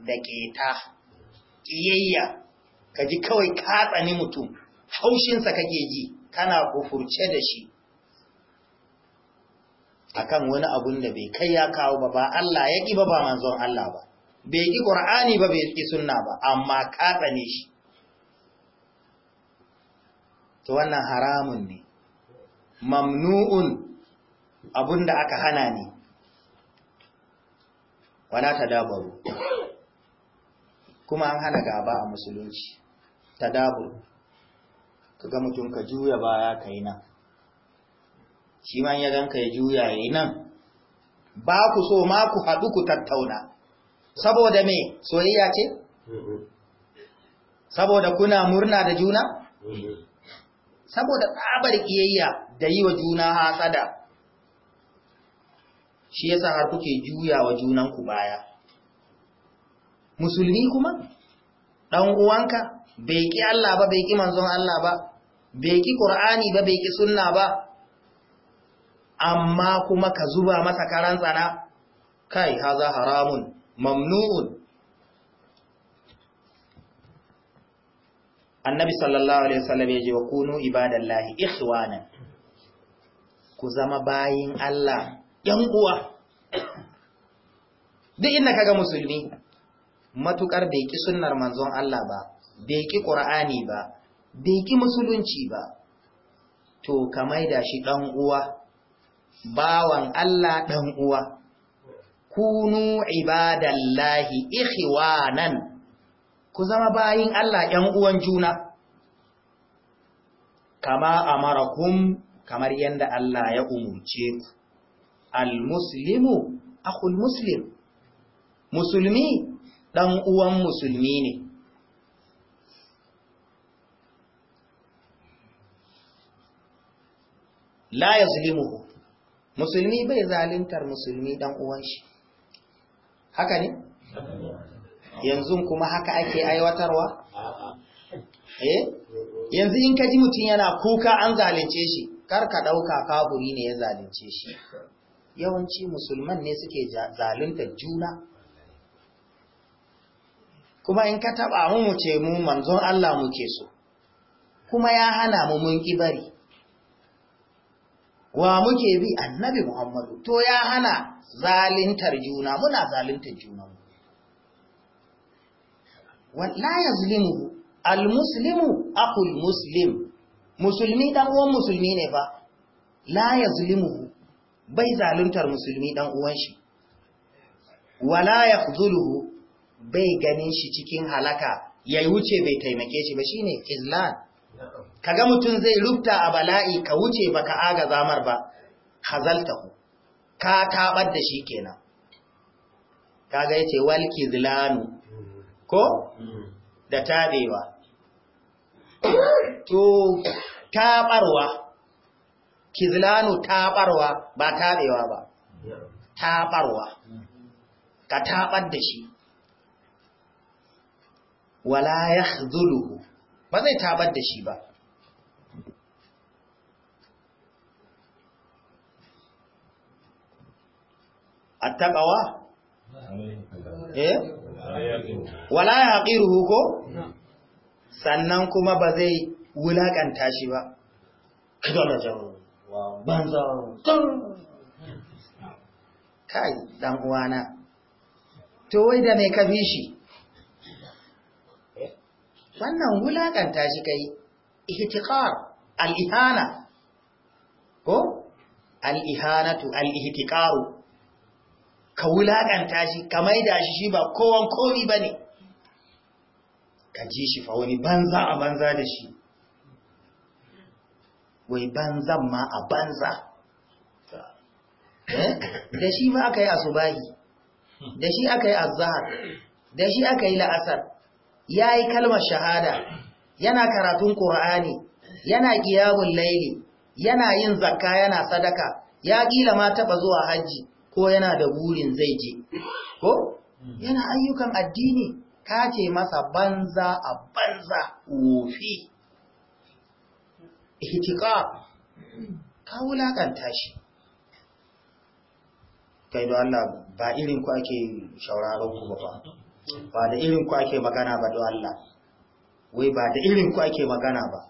da ƙeta ƙiyayya ka ji kawai katsani mutum haushinsa kake ji kana kufurce da shi akan wani abun da bai kai ya kawo ba ba Allah ya ƙi ba ba manzon Allah ba bai ƙi Qur'ani ba bai ƙi sunna ba amma ka ne shi to wannan haramun ne mamnu'un abun da aka hana ne wala tadabaru kuma an hana gaba a musulunci tadabur kaga mutum ka juya baya kai nan shi ma ya ganka ya juya yi nan ba ku so ma ku haɗu ku tattauna saboda me soyayya ce mm-hmm. saboda kuna murna da juna mm-hmm. saboda tsabar kiyayya da yi wa juna hasada shi yasa har kuke juya wa junanku baya musulmi kuma ɗan uwanka bai ki Allah ba bai ki manzon Allah ba bai ki Qur'ani ba bai ki sunna ba amma kuma ka zuba masa karan tsara kai haza haramun mamnu'un annabi sallallahu alaihi wasallam yaje, wa kunu ibadallahi ikhwana ku zama bayin Allah yan uwa duk inda kaga musulmi matukar bai ki sunnar manzon Allah ba bai ki qur'ani ba bai ki musulunci ba to ka maida shi dan uwa bawan Allah ɗan uwa kunu ibadan ibadallahi nan. ku zama bayin Allah ɗan uwan juna kama marakun kamar yadda Allah ya umurce ku muslimu akhul muslim musulmi ɗan uwan musulmi ne la yazlimuhu musulmi bai zalintar musulmi dan uwan shi haka ne yanzu kuma haka ake aiwatarwa eh yanzu in ka ji mutum yana kuka an zalunce shi kar ka dauka kafuri ne ya zalunce shi yawanci musulman ne suke zaluntar juna kuma in ka taba mu ce mu manzon Allah muke so kuma ya hana mu mun ki bari wa muke bi annabi Muhammadu to ya hana zalintar juna muna zalintar juna la yazlimu almuslimu aqul muslim musulmi dan uwan musulmi ne fa la yazlimu bai zaluntar musulmi dan uwan shi wala yakhzuluhu bai ganin shi cikin halaka yayi wuce bai taimake shi ba shine izlan kaga mutum zai rubta a bala'i ka wuce baka aga zamar ba hazalta ku. ka tabar da shi kenan kaga yace walki zilanu ko da tabewa to tabarwa kizlanu tabarwa ba tabewa ba tabarwa ka tabar da shi wala yahzuluhu ba zai tabar da shi ba attabawa eh wala yaqiruhu ko sannan kuma ba zai wulakanta shi ba kidola jawo banza kai dan uwana to wai da me ka bi shi wannan wulaƙanta shi kai ihtiqar al-ihana ko al-ihanatu al-ihtiqaru ka wulaƙanta shi ka maida shi shi ba kowan komi bane ka ji shi fa wani banza a banza da shi wai banzan ma a banza eh? da shi ma aka yi asubahi da shi aka yi azhar da shi aka yi la'asar ya yi kalmar shahada yana karatun ƙorani, yana ƙiyamun laili yana yin zakka yana sadaka ya ƙila ma taɓa zuwa hajji ko yana da burin zai je ko yana ayyukan addini ka ce masa banza a banza wofi ihtiqa ka wulaƙanta shi kai da Allah ba irin ku ake shauraron ku ba ba da irin ku ake magana ba don Allah wai ba da irin ku ake magana ba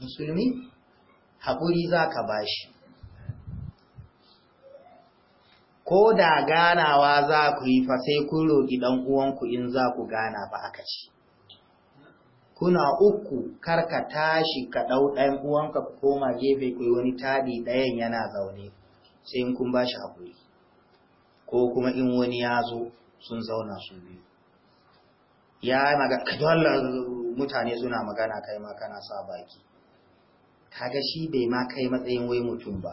musulmi haƙuri za ka ba shi ko da ganawa za ku yi fa sai kun roƙi ɗan uwanku in za ku gana ba aka ce kuna uku karka tashi ka ɗau ɗan uwanka ku koma gefe ku yi wani taɗi ɗayan yana zaune sai in kun ba shi haƙuri ko kuma in wani ya zo sun zauna su biyu ya magana mutane suna magana kai ma kana sa baki kaga shi bai ma kai matsayin wai mutum ba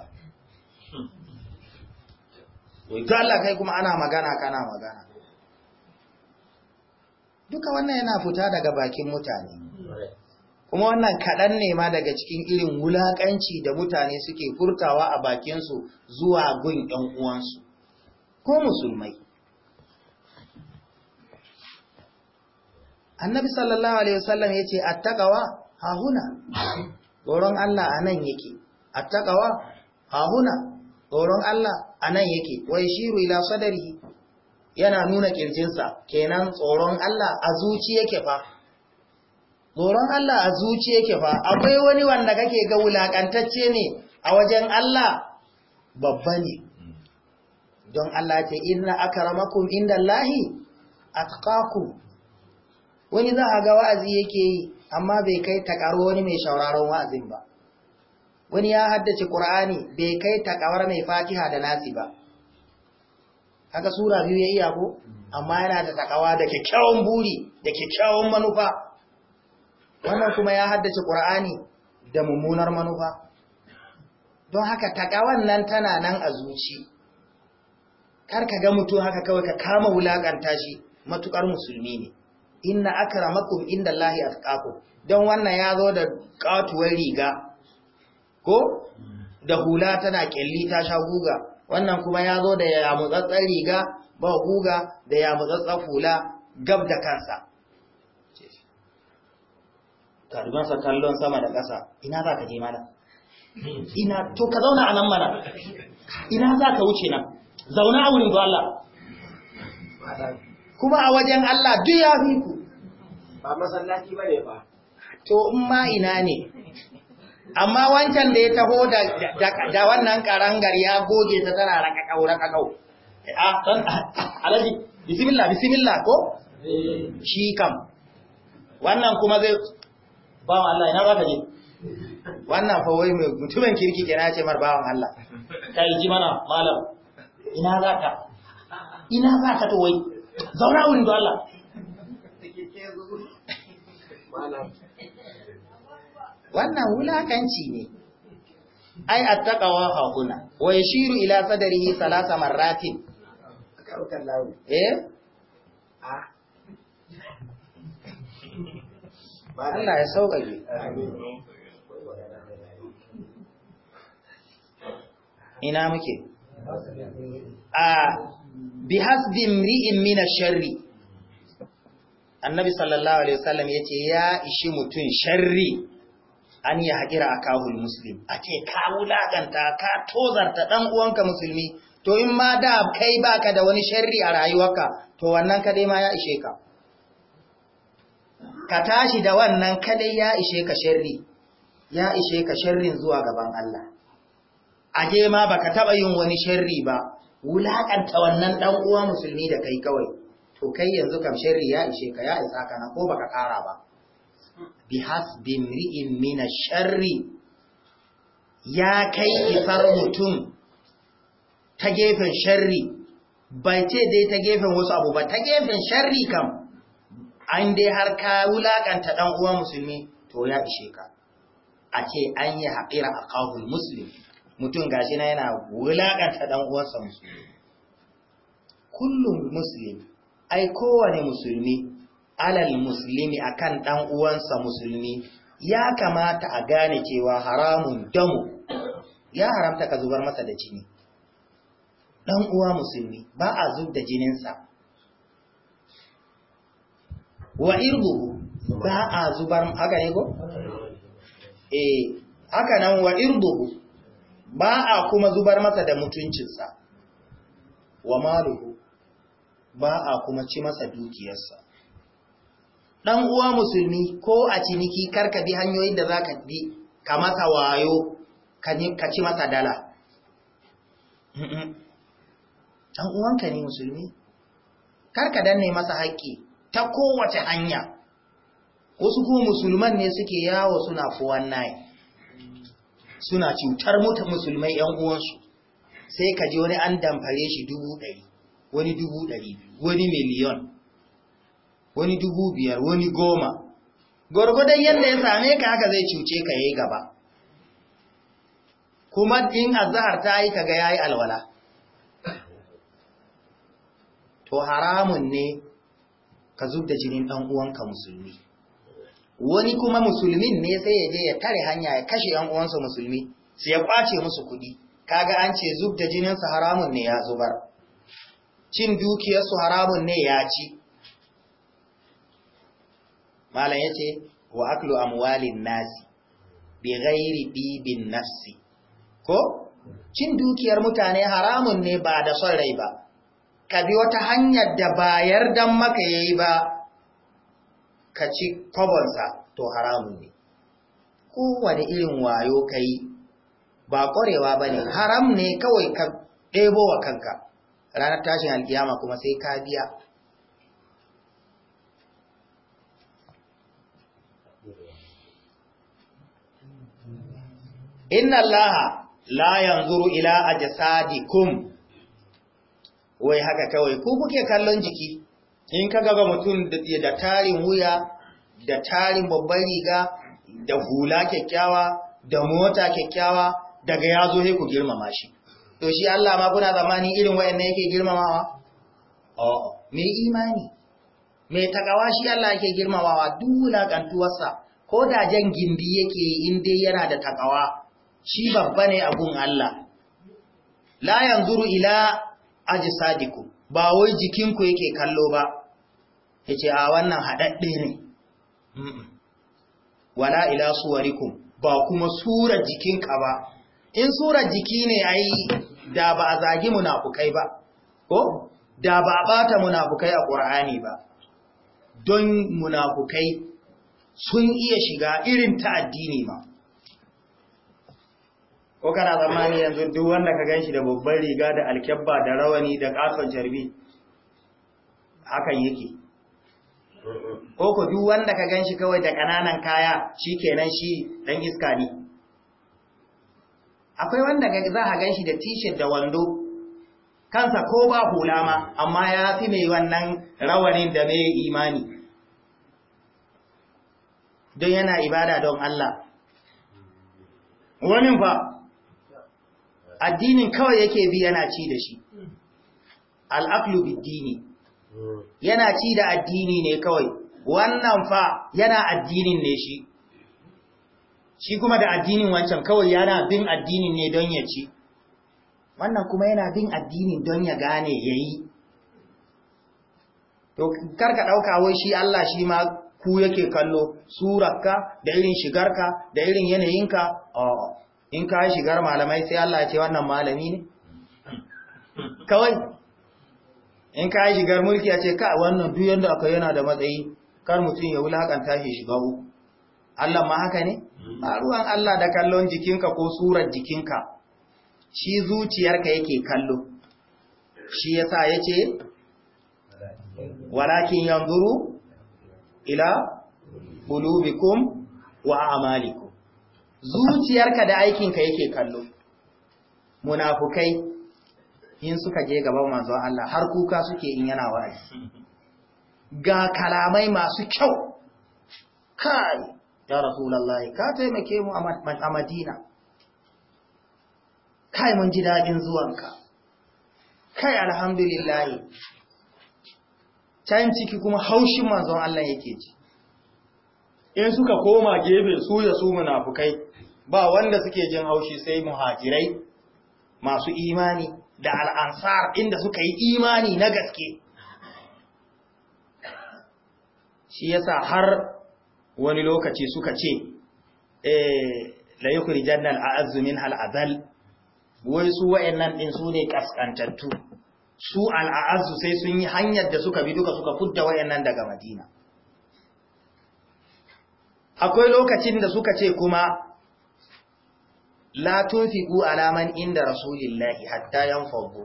wai ga Allah kai kuma ana magana kana magana duka wannan yana fita daga bakin mutane kuma wannan kaɗan ne ma daga cikin irin wulaƙanci da mutane suke furtawa a bakinsu zuwa gun ‘yan uwansu ko musulmai annabi sallallahu alaihi wasallam yace attaqawa ha huna tsoron Allah anan yake attaqawa ha huna tsoron Allah anan yake wai shiru ila sadari yana nuna kirjinsa kenan tsoron Allah a zuci yake fa tsoron Allah a zuci yake fa akwai wani wanda kake ga wulakantacce ne a wajen Allah babba ne don Allah ce inna akramakum indallahi atqakum wani za a ga wa'azi yake yi amma bai kai takaro wani mai shauraron wa'azin ba wani ya haddace ƙur'ani bai kai taƙawar mai fatiha da nasi ba haka sura biyu ya iya ko amma yana da takawa da kyakkyawan buri da kyakkyawan manufa wannan kuma ya haddace ƙur'ani da mummunar manufa don haka takawan nan tana nan a zuci kar ka ga mutum haka kawai ka kama wulakanta shi matukar musulmi ne inna akramakum indallahi atqakum don wannan ya zo da katuwar riga ko da hula tana kelli ta sha guga wannan kuma ya zo da yamutsatsar riga ba guga da yamutsatsar hula gab da kansa sa kallon sama da ƙasa ina za ka je mana ina to ka zauna a nan mana ina za ka wuce nan zauna a wurin zuwa Allah kuma a wajen Allah duk ya fi ku ba masallaci bane ba to in ma ina ne amma wancan da ya taho da wannan karangar ya goge ta tana raka kaura kau. a dan alaji bismillah bismillah ko eh. shi kam wannan kuma zai bawan Allah ina ka je wannan fa wai mai mutumin kirki kenan ce mar bawan Allah kai ji mana malam ina zaka ina zaka to wai zaura wuri da Allah wannan wulakanci ne ai attaqawa hauna wa yashiru ila sadrihi salasa marratin eh Allah ya sauƙaƙe ina muke a ah, bi hasbi imri'in min sharri annabi sallallahu alaihi wasallam yace ya ishi mutun sharri an ya hakira akahul muslim a ce ka ka tozarta dan uwanka musulmi to in ma da kai baka da wani sharri a rayuwarka to wannan kadai ma ya ishe ka ka tashi da wannan kadai ya ishe ka sharri ya ishe ka sharrin zuwa gaban Allah aje ma baka taba yin wani sharri ba Wulaƙanta wannan ɗan uwa musulmi da kai kawai to kai yanzu kam sharri ya ishe ka ya isa kana ko baka ƙara ba bi hasbi mri'in sharri ya kai isar mutum ta gefen sharri bai ce dai ta gefen wasu abu ba ta gefen sharri kam an dai har ka wulakanta ɗan uwa musulmi to ya ishe ka a ce an yi haƙira a ƙahun musulmi mutum gashi na yana wulaƙanta ɗan uwansa musulmi kullum Musulmi, ai kowane musulmi alal Musulmi akan ɗan uwansa musulmi ya kamata a gane cewa haramun damu ya haramta ka zubar masa da jini ɗan uwa musulmi ba a zub da jininsa wa irgu ba a zubar haka ne ko eh haka nan wa irgu ba a kuma zubar masa da mutuncinsa wa maluhu ba a kuma ci masa dukiyarsa dan uwa musulmi ko a ciniki karka bi hanyoyin da zaka bi ka masa wayo ka ci masa dala dan uwanka ne musulmi karka danne masa haƙƙi ta kowace hanya wasu kuma musulman ne suke yawo suna fuwan nayi suna cutar mutum musulmai ‘yan uwansu, sai ka ji wani an damfare shi dubu ɗari, wani dubu ɗari, wani miliyon, wani dubu biyar, wani goma. Gwargwadon yadda ya same ka haka zai cuce ka yi gaba. Kuma in azahar ta yi kaga ya yi alwala. To haramun ne ka zub da jinin ɗan uwanka musulmi. wani kuma musulmin ne sai ya je ya tare hanya ya kashe yan uwansa musulmi su ya kwace musu kuɗi kaga an ce zub da jinin haramun ne ya zubar cin dukiyar su haramun ne ya ci malam ce, wa aklu amwalin nasi bi ghairi bibin nafsi ko cin dukiyar mutane haramun ne ba da son rai ba ka bi wata hanyar da ba yardan maka yayi ba ka ci kwabonsa to haramun ne kowane irin wayo ka yi ba ƙwarewa ba ne haram ne kawai ka ɗebo wa kanka ranar tashin alkiyama kuma sai ka biya inna allaha la yanzuru ila ajsadikum wai haka kawai ku kuke kallon jiki in ka gaba mutum da tarin wuya da tarin babban riga da hula kyakkyawa da mota kyakkyawa daga ya zo ku girmama shi to shi Allah ma kuna zamani irin wayannan yake girmamawa o oh, me imani me takawa shi Allah yake girmamawa duk wulakantuwarsa ko da jan gindi yake in dai yana da takawa shi babba ne abun Allah la yanzuru ila ajsadikum ba wai jikinku yake kallo ba ya ce a wannan haɗaɗɗe ne wala ila suwarikum ba kuma surar jikinka ba in surar jiki ne a yi da ba a zagi munafukai ba ko da ba a ɓata munafukai a ƙur'ani ba don munafukai sun iya shiga irin ta addini ma ko kana zamani yanzu duk wanda ka ganshi da babbar riga da alkyabba da rawani da ƙaton jarbi hakan yake ko ku duk wanda ka ganshi kawai da ƙananan kaya shi kenan shi dan iska ne akwai wanda za a ganshi da t-shirt da wando kansa ko ba hula ma amma ya fi mai wannan rawanin da mai imani don yana ibada don Allah wani ba addinin kawai yake bi yana ci da shi al'aklu bid dini yana ci da addini ne kawai wannan fa yana addinin ne shi shi kuma da addinin wancan kawai yana bin addinin ne don ya ci wannan kuma yana bin addinin don ya gane ya yi to ka ɗauka wai shi Allah shi ma ku yake kallo surarka da irin shigarka da irin yanayinka in ka shigar malamai sai Allah ce wannan malami ne kawai in ka yi shigar mulki a ce ka wannan duk yadda aka yana da matsayi kar mutum ya wulakanta shi shiga uku Allah ma haka ne mm. a ruwan Allah da kallon jikinka ko surar jikinka shi zuciyarka yake kallo shi ya sa ya ce walakin yanzuru ila qulubikum wa a'malikum zuciyarka da aikinka yake kallo munafukai in suka je gaban manzon Allah har kuka suke in yana wa'azi ga kalamai masu kyau kai ya rasulullahi ka taimake mu a Madina kai mun ji dadin zuwanka kai alhamdulillah can ciki kuma haushin manzon Allah yake ji in suka koma gefe su ya su munafukai ba wanda suke jin haushi sai muhajirai masu imani da al'ansar inda suka yi imani na gaske shi yasa har wani lokaci suka ce eh, la kuri jannal a azumin al'adal wai su wa'yannan ɗin su ne ƙasƙantattu su al'azu sai sun yi hanyar da suka bi duka suka fudda wa'yannan daga madina akwai lokacin da suka ce kuma la tunfiqu ala man inda rasulillahi hatta yanfadu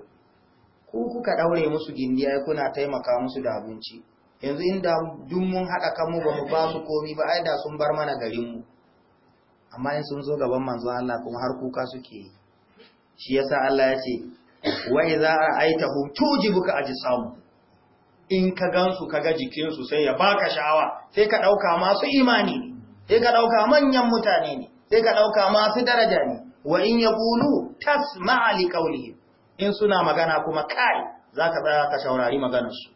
ku kuka ɗaure musu gindiya kuna taimaka musu da abinci yanzu inda duk mun haɗa kanmu ba mu ba su komai ba ai da sun bar mana garin mu amma in sun zo gaban manzo Allah kuma har kuka suke yi shi yasa Allah ya ce wa idza ra'aytahum tujibuka ajsam in ka gansu ka kaga jikinsu sai ya baka sha'awa sai ka dauka masu imani ne sai ka dauka manyan mutane ne sai ka ɗauka masu daraja ne wa in ya bulu tas ma'ali ƙauli in suna magana kuma kai za ka tsaya ka shaurari maganarsu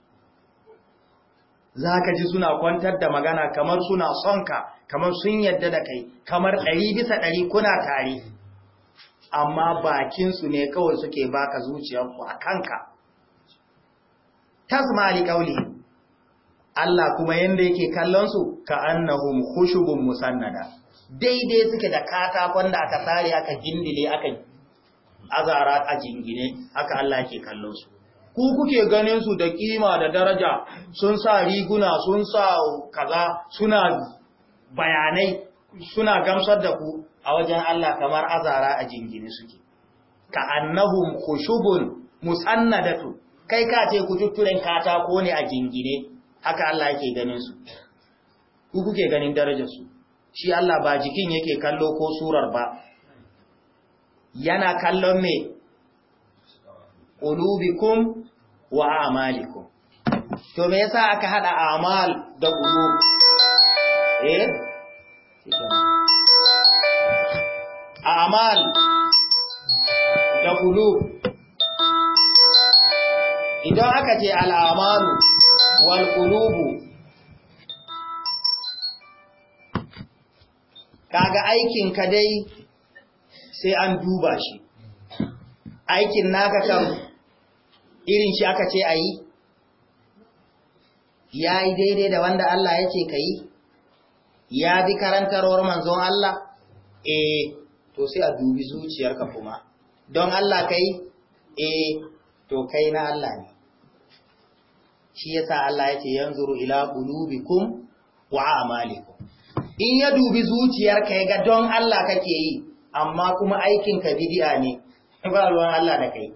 za ka ji suna kwantar da magana kamar suna sonka kamar sun yadda da kai kamar ɗari bisa ɗari kuna tare amma bakinsu ne kawai suke baka zuciyarku a kanka Tas ma'ali kauli Allah kuma yanda yake kallon su ka annahum khushubun musannada daidai suke da katakon da aka tsari aka gindile aka azara a jingine haka Allah ke kallon su ku kuke ganin su da kima da daraja sun sa riguna sun sa kaza suna bayanai suna gamsar da ku a wajen Allah kamar azara a jingine suke ka annahum khushubun musannadatu kai ka ce ku tutturen katako ne a jingine haka Allah yake ganin su ku kuke ganin darajar su shi Allah ba jikin yake kallo ko surar ba yana kallon me qulubikum wa a'malikum to me yasa aka hada a'mal da qulub eh a'mal da qulub idan aka ce al'amalu wal ƙulubu. kaga aikin ka dai sai an duba shi aikin naka kan irin shi aka ce a yi ya yi daidai da wanda Allah ya ce ka yi ya bi karantarwar manzon Allah eh to sai a dubi zuciyarka kuma don Allah kai eh to kai na Allah ne shi yasa Allah ya ce yanzuru ila qulubikum wa amalikum in ya dubi zuciyarka ya ga don Allah kake yi amma kuma aikinka bidi'a ne ba ruwan Allah da kai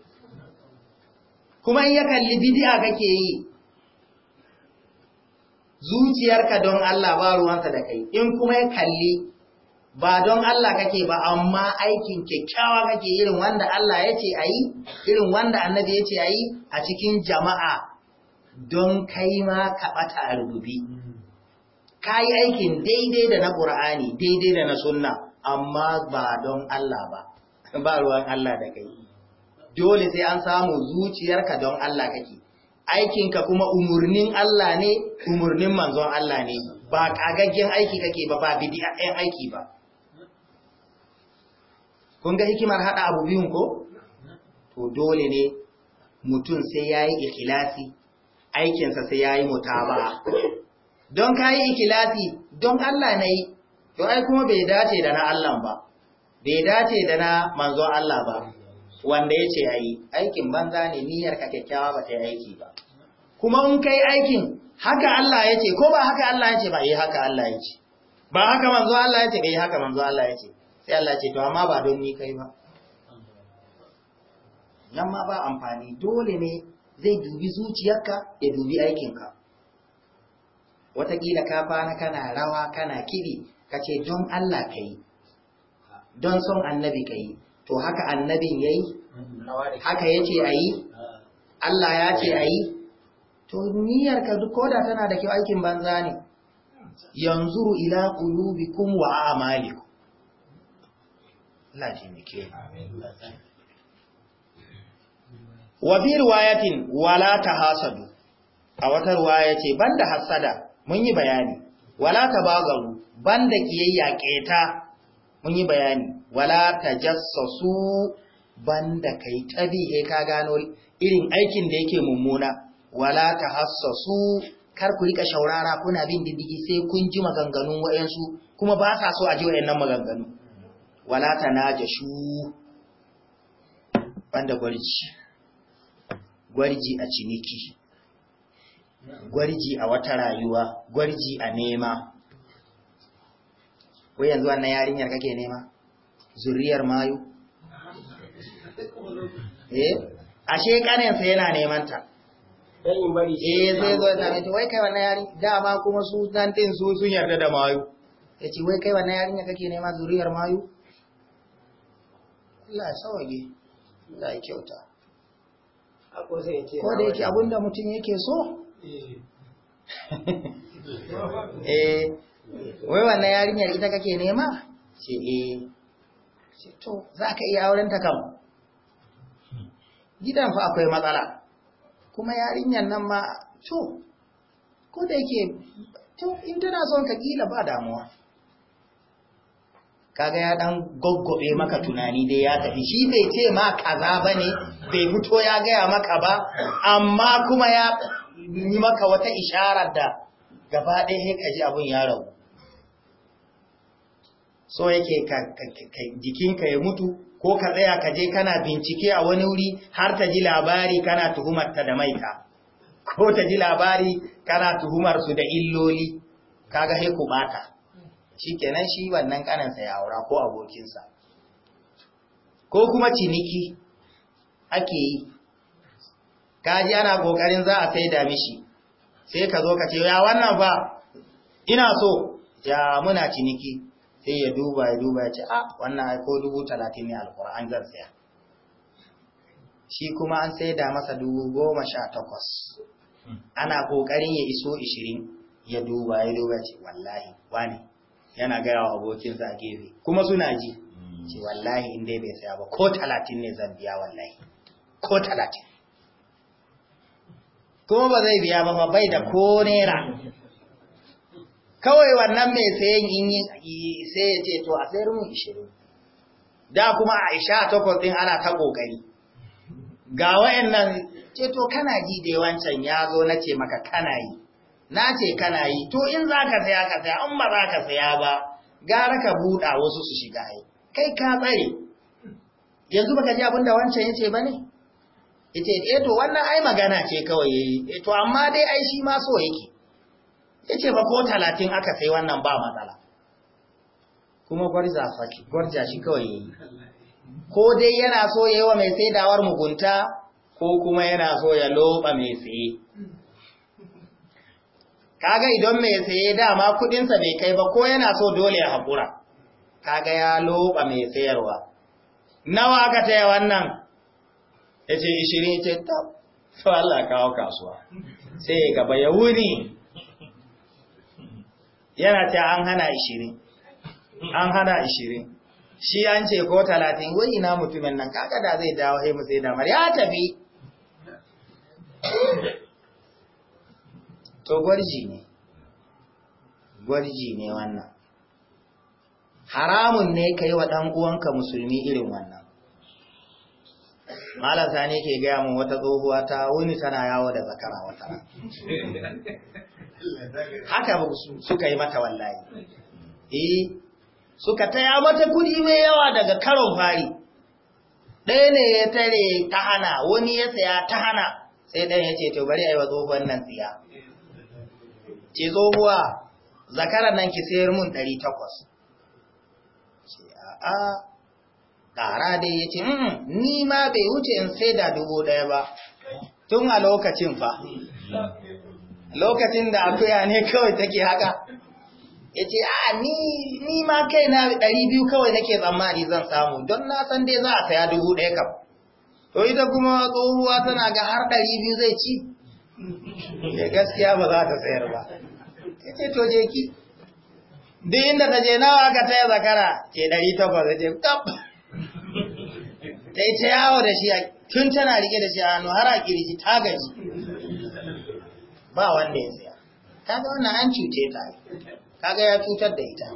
kuma in ya kalli bidi'a kake yi zuciyarka don Allah ba ruwansa da kai in kuma ya kalli ba don Allah kake ba amma aikin kyakkyawa kake irin wanda Allah ya ce ayi irin wanda annabi ya ce ayi a cikin jama'a don kai ma ka bata a rububi kayi aikin daidai da na ƙur'ani daidai da na sunna amma ba don Allah ba ba ruwan Allah da kai dole sai an samu zuciyarka don Allah kake aikinka kuma umurnin Allah ne umurnin manzon Allah ne ba kagaggen aiki kake ba ba bid'a'en aiki ba kun ga hikimar haɗa abu biyun ko to dole ne mutum sai yayi ikhlasi aikinsa sai yayi mutaba'a don ka yi ikilafi don Allah na yi, to ai kuma bai dace da na Allah ba, bai dace da na manzon Allah ba, wanda ya ce ya yi, aikin banza ne niyyar ka kyakkyawa ba ta yi aiki ba. Kuma in kai aikin haka Allah ya ce, ko ba haka Allah ya ce ba, yi eh, haka Allah ya ce, ba haka manzon Allah ya ce, bai eh, haka manzon Allah ya ce, sai Allah ce, to amma ba don ni kai ba. Nan ma ba amfani, dole ne zai dubi zuciyarka ya dubi aikinka. watakila ka kwana kana rawa kana kiri ka ce don Allah ka yi don son annabi ka yi to haka annabin ya yi haka ya ce a yi Allah ya ce a yi to niyyar ka duk koda tana da kyau aikin banza ne yanzu ila qulubikum wa a'malikum Allah ya wa bi riwayatin wala tahasadu a wata riwaya ce banda hasada mun yi bayani wala bagaru, banda kiyayya keta mun yi bayani wala jassasu banda kai tabi ka gano irin aikin da yake mummuna wala hassasu, kar ku rika shaurara kuna bin diddigi sai kun ji maganganun wayansu kuma ba sa so a ji wayannan maganganu wala najashu banda gwarji gwarji a ciniki gwarji a wata rayuwa gwarji a nema wai yanzu wannan yarinyar kake nema zuriyar mayu eh ashe sai yana neman ta eh sai zo ta mace wai kai wannan yari dama kuma su dan din su sun yarda da mayu yace wai kai wannan yarinya kake nema zuriyar mayu Allah ya sauke Allah ya kyauta ko da yake abinda mutum yake so Eh. eh wai wannan yarinyar ita kake nema ce eh to za ka iya auren ta kam gidan fa akwai matsala kuma yarinyar nan ma to ko da yake to in tana son ka kila ba damuwa kaga ya dan goggobe maka tunani dai ya tafi shi bai ce ma kaza bane bai fito ya gaya maka ba amma kuma ya yi maka wata isharar da gaba ɗaya ya kaji abin ya rabu so yake jikinka ya mutu ko ka tsaya ka je kana bincike a wani wuri har ta ji labari kana tuhumar da maika, ko ta ji labari kana tuhumar da illoli kaga sai ku bata shikenan shi wannan kanansa ya aura ko abokinsa ko kuma ciniki ake yi kaji ana kokarin za a saida mishi sai ka zo ka ce ya wannan ba ina so ya muna ciniki sai ya duba ya duba ya ce a ah, wannan ko dubu talatin ne alquran zan saya shi kuma an saida masa dubu goma sha takwas ana kokarin ya iso 20 ya duba ya duba ce wallahi wani yana gaya wa abokinsa a gefe kuma suna ji ce hmm. wallahi inda bai saya ba ko talatin ne zan biya wallahi ko talatin kuma ba zai biya ba fa bai da ko nera. kawai wannan mai sayan in yi sai ya ce to a sayar mun ishirin da kuma a isha takwas ɗin ana ta ƙoƙari ga wayannan ce to kana ji da wancan ya zo na ce maka kana yi na ce kana yi to in za ka saya ka saya in ba za ka saya ba gara ka buɗa wasu su shiga yi kai ka tsare yanzu baka ji abin da wancan ya ce ba ne yace eh to wannan ai magana ce kawai yayi eh, to amma dai ai shi ma so yake yace ba ko 30 aka sai wannan ba matsala kuma gwarza saki gwarza shi kawai yayi ko dai yana so yayi wa mai saidawar mugunta ko kuma yana so ya loba mai saye kaga idan mai saye dama sa bai kai ba ko yana so dole ya haƙura kaga ya loba mai sayarwa nawa aka taya wannan ya ce ishirin ce tab to Allah kawo kasuwa sai ya gaba ya wuri? yana ta an hana ishirin an hana ishirin shi an ce ko talatin wai ina mutumin nan kaga da zai dawo mu sai mari ya tafi to gwarji ne gwarji ne wannan haramun ne ka yi wa ɗan'uwanka musulmi irin wannan malam sani ke gaya mu wata tsohuwa ta wuni tana yawo da zakara wata haka ba suka yi mata wallahi eh suka taya mata kudi mai yawa daga karon fari ɗaya ne ya tare ta hana wani ya saya ta hana sai ɗan ya ce to bari a tsohuwan nan tsiya ce tsohuwa zakaran nan ki sayar mun ɗari takwas ce a'a ƙara dai ya ce ni ma bai wuce in sai da dubu ɗaya ba tun a lokacin fa lokacin da akuya ne kawai take haka ya ce a ni ma kai na ɗari biyu kawai nake tsammani zan samu don na san dai za a saya dubu ɗaya kam to ita kuma tsohuwa tana ga har ɗari biyu zai ci ya gaskiya ba za ta sayar ba ya ce to je ki duk inda ta je nawa aka taya zakara ce ɗari takwas ya ce kaf ta yi ta yawo da shi tun tana rike da shi a hannu har a kirji ta gaji ba wanda ya tsaya ga wannan an cuce ta ga ya cutar da ita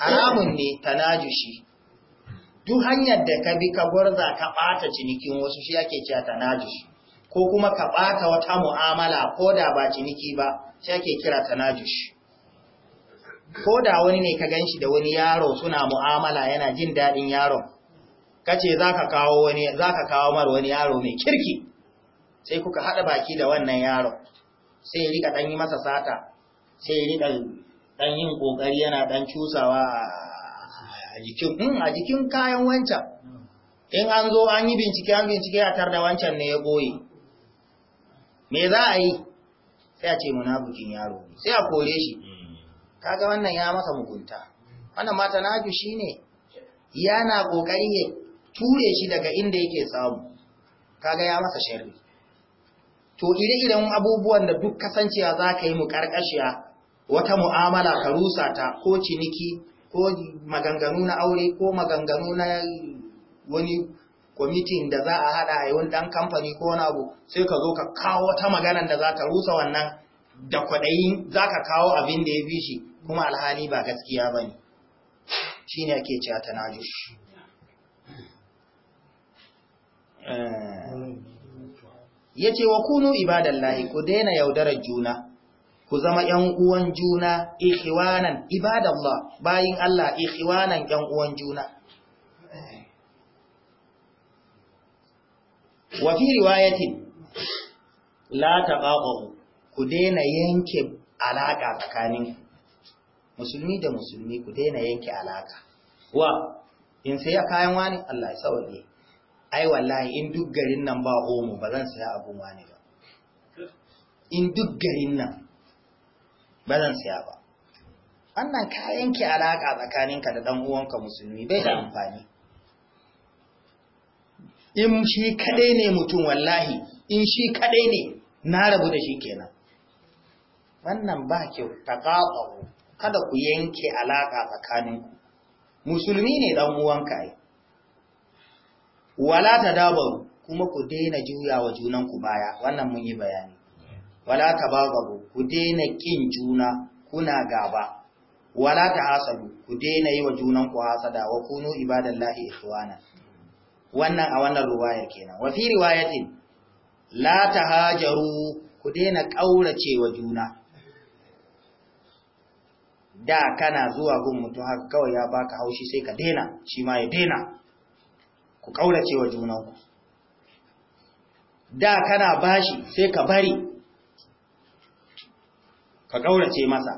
haramun ne ta tanajushi duk hanyar da ka bi ka gwarza ka bata cinikin wasu shi ake cewa tanajushi ko kuma ka bata wata mu'amala ko da ba ciniki ba shi ake kira tanajushi ko da wani ne ka gan shi da wani yaro suna mu'amala yana jin daɗin yaron kace zaka kawo wani zaka kawo mar wani yaro mai kirki sai kuka hada baki da wannan yaro sai ya rika dan yi masa sata sai ya rika dan yin kokari yana dan cusawa a jikin hmm, a jikin kayan wancan in an zo an yi bincike an bincike a tar da wancan ne ya boye me za a yi sai a ce munafikin yaro sai a kore shi kaga wannan ya masa mugunta wannan mata naju shine yana kokari ne ture shi daga inda yake samu kaga ya masa sharri to ire-iren abubuwan da duk kasancewa za ka yi mu karkashiya wata mu'amala ka rusa ta ko ciniki ko maganganu na aure ko maganganu na wani kwamitin da za a haɗa a yi dan kamfani ko wani abu sai ka zo ka kawo wata maganan da za ka rusa wannan da kwaɗayin za ka kawo abin da ya fi shi kuma alhali ba gaskiya ba ne shi ne ake cewa ta Eh. ya ce wa kunu lahi ku daina yaudarar juna ku zama ‘yan uwan juna ibadan ibadallah bayin Allah ikhiwanan ‘yan uwan juna wa fi riwayatin la taqaqu ku daina yanke alaka tsakaninku musulmi da musulmi ku daina yanke alaka wa in sai kayan wani Allah ya sauke ai wallahi in duk garin nan ba homo ba zan saya abun wani ba in duk garin nan ba zan saya ba wannan ka yanke alaƙa tsakaninka da ɗan uwanka musulmi bai da amfani in shi kadai ne mutum wallahi in shi kadai ne na rabu da shi kenan wannan ba kyau taqaqu kada ku yanke alaka tsakaninku musulmi ne dan uwanka ai wala ta dabaru, kuma ku daina juya wa junanku baya wannan mun yi bayani wala tabagabu ku daina kin juna kuna gaba wala ta hasadu ku daina yi wa junanku hasada wa kunu ibadallahi ikhwana wannan a wannan ruwayar kenan wa fi riwayatin la hajaru ku daina kaurace wa juna da kana zuwa gun mutum haka kawai ya baka haushi sai ka daina shi ma ya daina. ku kaurace wa junanku da kana bashi sai ka bari ka kaurace masa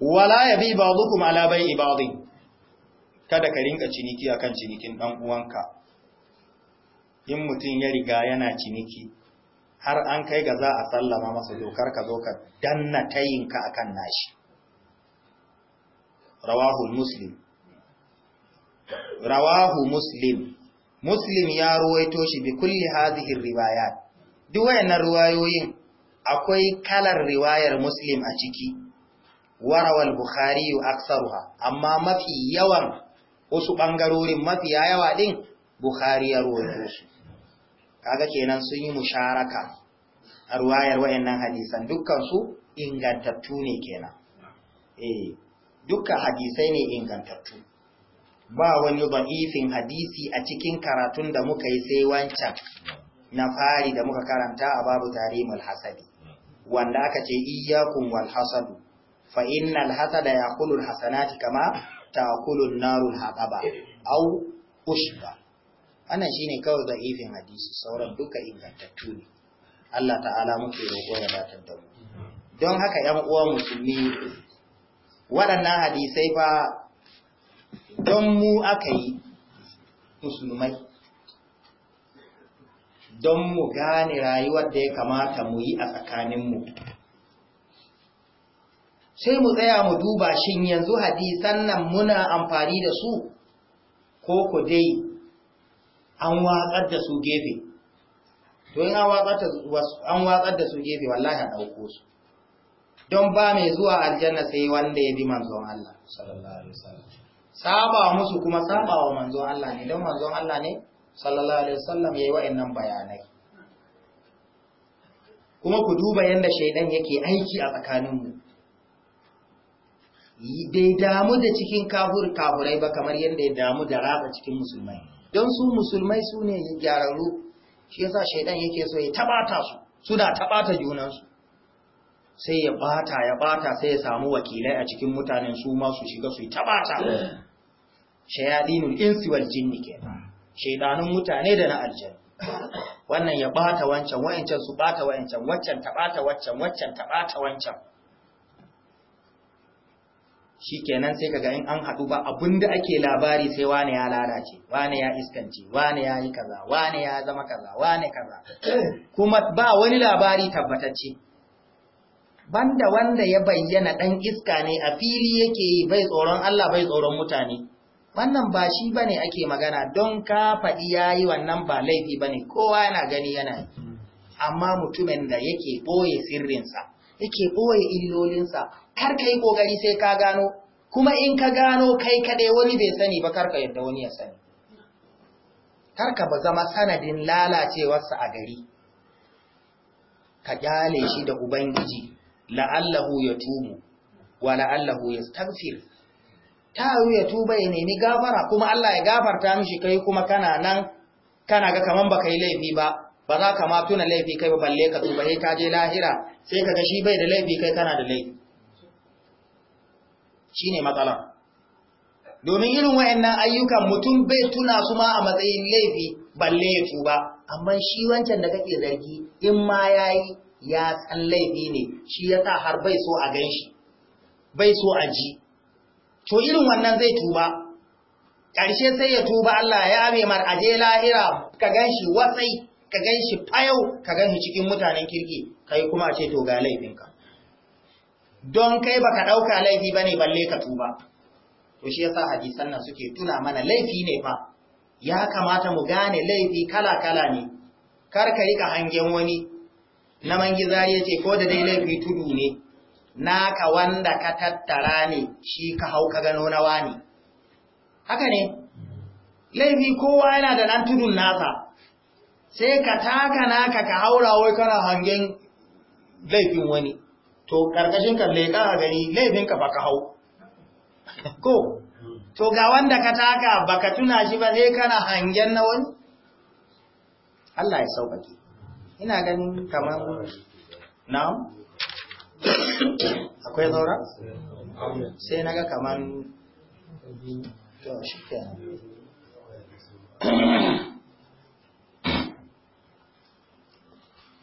wala yabi ba'dukum ala bai'i ba'dhin kada ka rinka ciniki akan cinikin dan uwanka in mutum ya riga yana ciniki har an kai ga za a sallama masa dokar ka zo ka danna tayinka akan nashi rawahul muslim rawahu muslim muslim ya ruwaito shi bi kulli hadhihi riwayat duk wayannan ruwayoyin akwai kalar riwayar muslim a ciki warawal bukhari aksaruha amma mafi yawan wasu bangarorin mafi yawa din bukhari ya ruwaito su kaga kenan sun yi musharaka a ruwayar wayannan hadisan dukkan su ingantattu ne kenan eh dukkan hadisai ne ingantattu ba wani da'ifin hadisi a cikin karatun da muka yi sai wancan na fari da muka karanta a babu tarimul hasadi wanda aka ce iyyakum wal hasadu fa innal hasada yaqulu al hasanati kama taqulu an narul haqaba aw ushba wannan shine kawai da'ifin hadisi sauran duka ingantattu ne Allah ta'ala muke roƙo ya datar da mu don haka 'yan uwa musulmi waɗannan hadisai fa don mu aka yi musulmai don mu gane rayuwar da ya kamata mu yi a tsakaninmu sai mu tsaya mu duba shin yanzu hadisan nan muna amfani da su ko ku dai an watsar da su gefe to yin an watsar da su gefe wallahi a ɗauko su don ba mai zuwa aljanna sai wanda ya bi manzon Allah sallallahu alaihi wasallam saba musu kuma saba wa manzon Allah ne don manzon Allah ne sallallahu alaihi wasallam yayi wa'annan bayanai kuma ku duba yanda shaidan yake aiki a tsakaninmu mu damu da cikin kafur kafurai ba kamar yanda ya damu da raba cikin musulmai don su musulmai su ne gyararru shi yasa shaidan yake so ya tabata su suna tabata junansu sai ya bata ya bata sai ya samu wakilai a cikin mutanen su ma su shiga su yi tabata eh. shayadinul insi wal jinni ke hmm. shaydanun mutane da na aljanna wannan ya bata wancan wayancan su bata wayancan waccan ta bata waccan waccan ta bata wancan shikenan sai kaga in an hadu ba abinda ake labari sai wane ya lalace wane ya iskanci, wane ya yi kaza wane ya zama kaza wane kaza kuma ba wani labari tabbatacce banda wanda ya bayyana dan iska ne a fili yake yi bai tsoron Allah bai tsoron mutane wannan ba shi ba ne ake magana don ka faɗi ya yi wannan ba laifi ba ne, kowa yana gani yana yi amma mutumin da yake ɓoye sirrinsa yake ɓoye illolinsa har yi ƙoƙari sai ka gano kuma in ka gano kai kaɗai wani bai sani ba karka yadda wani ya sani karka ba zama sanadin lalacewarsa a gari ka kyale shi da ubangiji la'allahu ya tumu wa la'allahu ya stagfir ta yi ya tuba ya nemi gafara kuma Allah ya gafarta mishi kai kuma kana nan kana ga kaman baka yi laifi ba ba za ka ma tuna laifi kai ba balle ka tuba sai ka je lahira sai ka ga shi bai da laifi kai kana da laifi shine matsala domin irin wayannan ayyukan mutum bai tuna su ma a matsayin laifi balle ya tuba amma shi wancan da kake zargi in ma yayi ya san laifi ne shi ya yasa har bai so a ganshi bai so a ji to irin wannan zai tuba ƙarshe sai ya tuba Allah ya abe mar aje lahira ka ganshi watsai ka ganshi fayau ka shi cikin mutanen kirki kai kuma ce to ga laifinka don kai baka ɗauka laifi bane balle ka tuba to shi yasa hadisan nan suke tuna mana laifi ne fa ya kamata mu gane laifi kala kala ne kar ka rika hangen wani na mangi zari yace ko da dai laifi tudu ne naka wanda ka tattara ne shi ka hau ka gano nawa ne haka ne laifi kowa yana da nan tudun nasa sai ka taka naka ka haura wai kana hangen laifin wani to karkashin ka leƙa a gani laifin ka baka hau ko to ga wanda ka taka baka tuna shi ba sai kana hangen na wani Allah ya sauƙaƙe ina ganin kamar na'am akwai sai kamar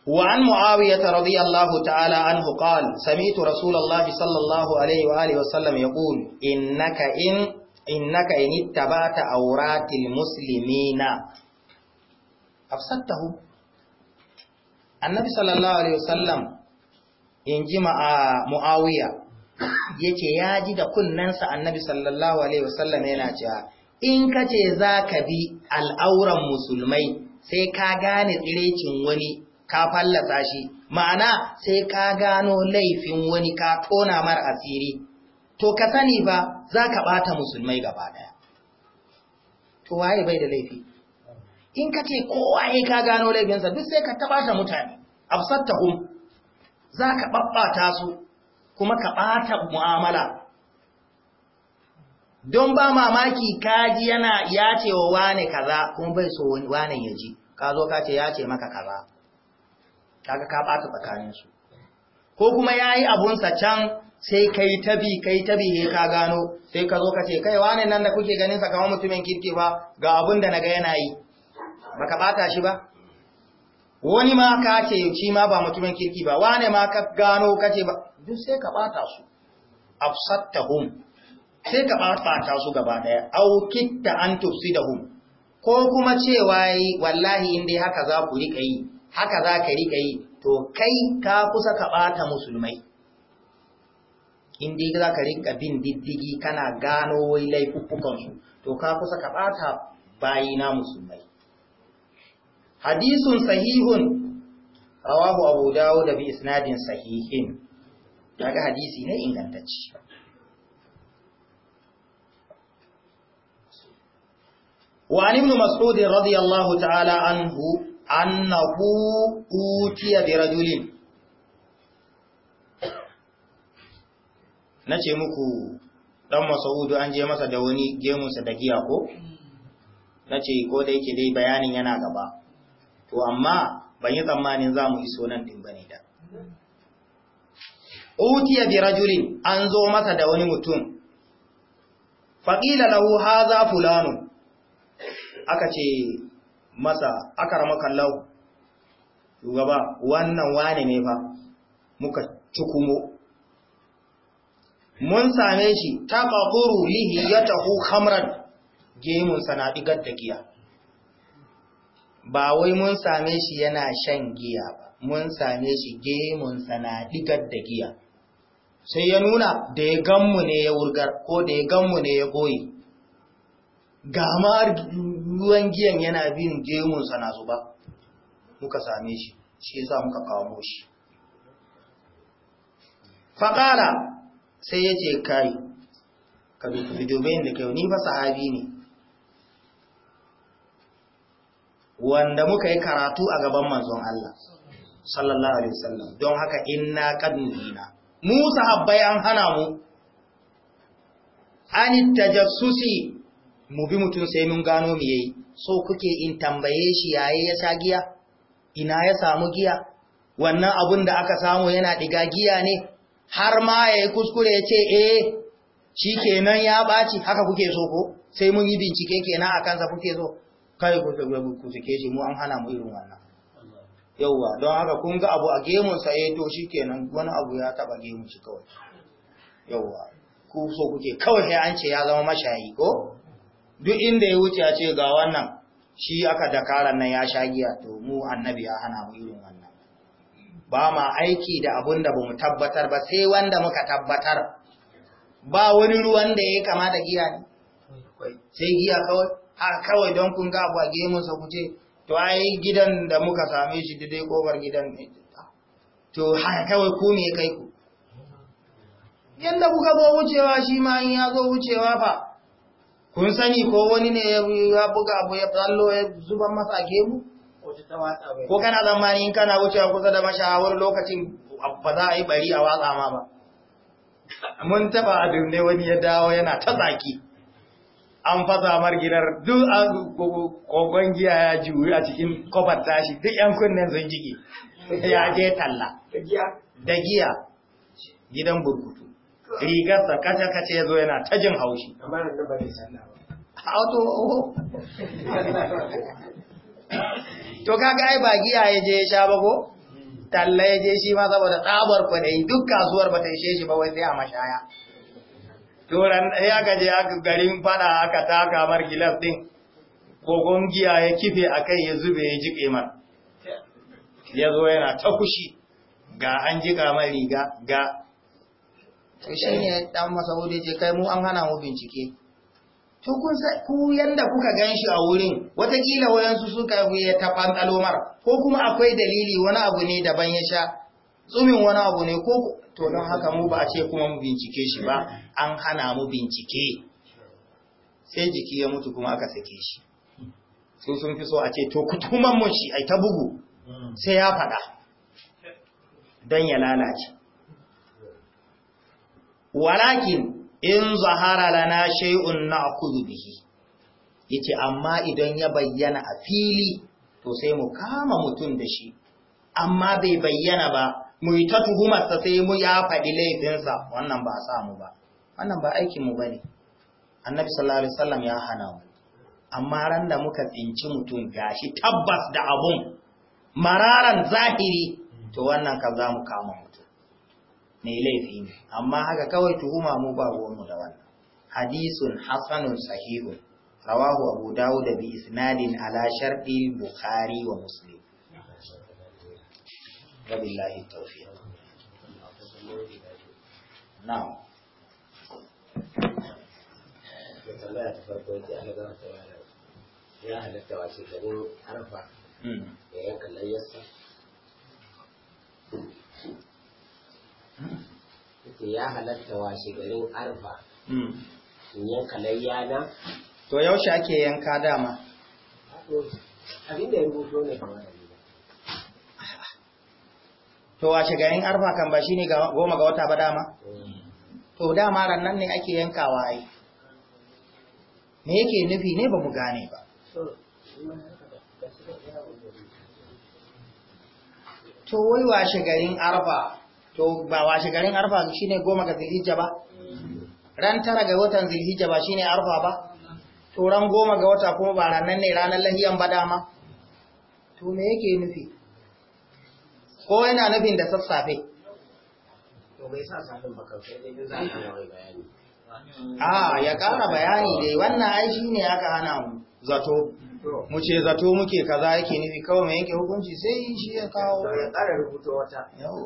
وعن معاوية رضي الله تعالى عنه قال سميت رسول الله صلى الله عليه وآله وسلم يقول إنك إن إنك إن اتبعت أورات المسلمين أفسدته النبي صلى الله عليه وسلم in ji mu'awiya ya ce ya ji da kunnensa annabi sallallahu alaihi wasallam yana cewa in ka ce za ka bi al'auran musulmai sai ka gane tsirecin wani ka fallasa shi ma'ana sai ka gano laifin wani ka tona mar asiri to ka sani ba za ka ɓata musulmai gaba ɗaya to waye bai da laifi in ka ce kowa ya ka gano laifinsa duk sai ka taɓata mutane afsattahum za ka ɓaɓɓata su kuma ka ɓata mu'amala don ba mamaki kaji yana ya ce wa wane kaza kuma bai so wane ya ji ka zo ka ce ya ce maka kaza kaga ka ɓata tsakaninsu ko kuma ya yi abunsa can sai ka kai tabi yi tabi he ka gano sai ka zo ka ce kai wane nan da kuke ganin sa mutumin kirki ba ga abun da na ga yana yi Ba ka ɓata shi ba wani ma ka ce shi ma ba mutumin kirki ba wane ma ka gano ka ce ba duk sai ka bata su afsattahum sai ka bata su gaba daya Aukita kitta an tufsidahum ko kuma cewa yi wallahi inda haka za ku rika yi haka za ka rika yi to kai ka kusa ka bata musulmai inda za ka rika bin diddigi kana gano wai to ka kusa ka bata bayina musulmai hadisun sahihun rawahu abu dawo da bi isnadin sahihin daga hadisi ne ingantacci wa ibn mas'ud radiyallahu ta'ala anhu annahu utiya bi rajulin nace muku dan mas'ud an je masa da wani gemunsa da giya ko nace ko da yake dai bayanin yana gaba to amma ban yi tsammanin za mu iso nan ɗin ba ne da utiya bi rajulin an zo masa da wani mutum faƙila lahu haza fulanu aka ce masa aka rama kallau ba wannan wane ne ba, muka cikumo mun same shi ta ƙuru lihi ya taho hamran gemunsa na ɗigar da giya ba wai mun same shi yana shan giya ba mun same shi gemunsa na digar da giya sai ya nuna da ya ganmu ne ya wurgar ko da ya ganmu ne ya goyi ga ma ruwan giyan yana bin gemunsa su ba, muka same shi shi yasa muka kawo shi faƙara sai ya ce kai ka dubi domin da kyau ni ba sahabi ne wanda muka yi karatu a gaban manzon Allah sallallahu alaihi wasallam don haka inna qad nuhina mu sahabbai an hana mu ani tajassusi mu bi mutun sai mun gano mu yayi so kuke in tambaye shi yaye ya sha giya ina ya samu giya wannan abun da aka samu yana diga giya ne har ma yayi kuskure ya ce eh shikenan ya baci haka kuke so ko sai mun yi bincike kenan akan sa kuke so kai ku sake shi mu an hana mu irin wannan yauwa don haka kun ga abu a gemun sa eh to shikenan wani abu ya taba gemun shi kawai yauwa ku so kuke kawai sai an ce ya zama mashayi ko duk inda ya wuce a ce ga wannan shi aka dakaran nan ya sha giya to mu annabi ya hana mu irin wannan ba ma aiki da abun da bamu tabbatar ba sai wanda muka tabbatar ba wani ruwan da ya kama da giya ne sai giya kawai a kawai don kun ga abu a gemunsa ku ce to ai gidan da muka same shi daidai kobar gidan ne to haka kawai ku me kai ku yadda kuka zo wucewa shi ma in ya zo wucewa fa kun sani ko wani ne ya buga abu ya tsallo ya zuban masa gemu ko kana zamani in kana wucewa kusa da mashahawar lokacin ba za a yi bari a watsa ma ba mun taba abin ne wani ya dawo yana ta tsaki an fasa marginar duk an kogon giya ya juyi a cikin kofar tashi duk yan kunnen sun jiki ya je talla da giya gidan burkutu rigarsa kace-kace ya zo yana tajin haushi to kaga ai ba giya ya je ya sha ba ko talla ya je shi ma saboda tsabar kwadayi duk kasuwar ba ta ishe shi ba wai sai a mashaya Turan ya eh, gaje aka garin fada aka taka mar gilas ɗin, kogon giya ya kife a kai ya zube ya ji mar. Ya zo yana ta kushi ga an ji mai riga ga. Shi ne ɗan masaudi ce kai mu an hana mu bincike. sai ku yanda kuka gan shi a wurin watakila wayansu suka ya taɓan kalomar ko kuma akwai dalili wani abu ne daban ya sha tsumin wani abu ne ko to don haka mu ba a ce kuma mu bincike shi ba an hana mu bincike sai jiki ya mutu kuma aka sake shi su sun fi so a ce to kutuman mun shi ai ta bugu sai ya faɗa don ya lalace walakin in zahara lana shay'un na'khudhu bihi yace amma idan ya bayyana a fili to sai mu kama mutum da shi amma bai bayyana ba mu yi ta sa sai mu ya faɗi laifinsa wannan ba a samu ba wannan ba aikin mu bane annabi sallallahu alaihi wasallam ya hana mu amma ran da muka tsinci mutum gashi tabbas da abun mararan zahiri to wannan ka za mu kama mutum mai laifi ne amma haka kawai tuhuma mu ba mu da wannan hadisun hasanun sahihun rawahu abu dawud bi isnadin ala shartil bukhari wa muslim wabillahi tawfiq na'am tambaya ya halatta washe shekarun arfa. Hmm. ya ya halatta hmm. in yanka layya na to yaushe ake yanka dama da ne to a shigayen arfa kan ba ne goma ga wata ba dama hmm. to dama ran nan ne ake yankawa ai me yake nufi ne ba mu gane ba to wai washe garin arfa to ba washe garin arfa shine goma ga zilhijja ba ran tara ga watan zilhijja ba shine arfa ba to ran goma ga wata kuma ba ranan ne ranar lahiyan ba dama to me yake nufi ko yana nufin da sassafe to bai sa safin ba sai dai za yi bayani a ah, ya ƙara bayani dai wannan aiki ne aka hana mu zato mu ce zato muke kaza yake nufi kawai mai yanke hukunci sai shi ya kawo ya ƙara rubuta wata Yau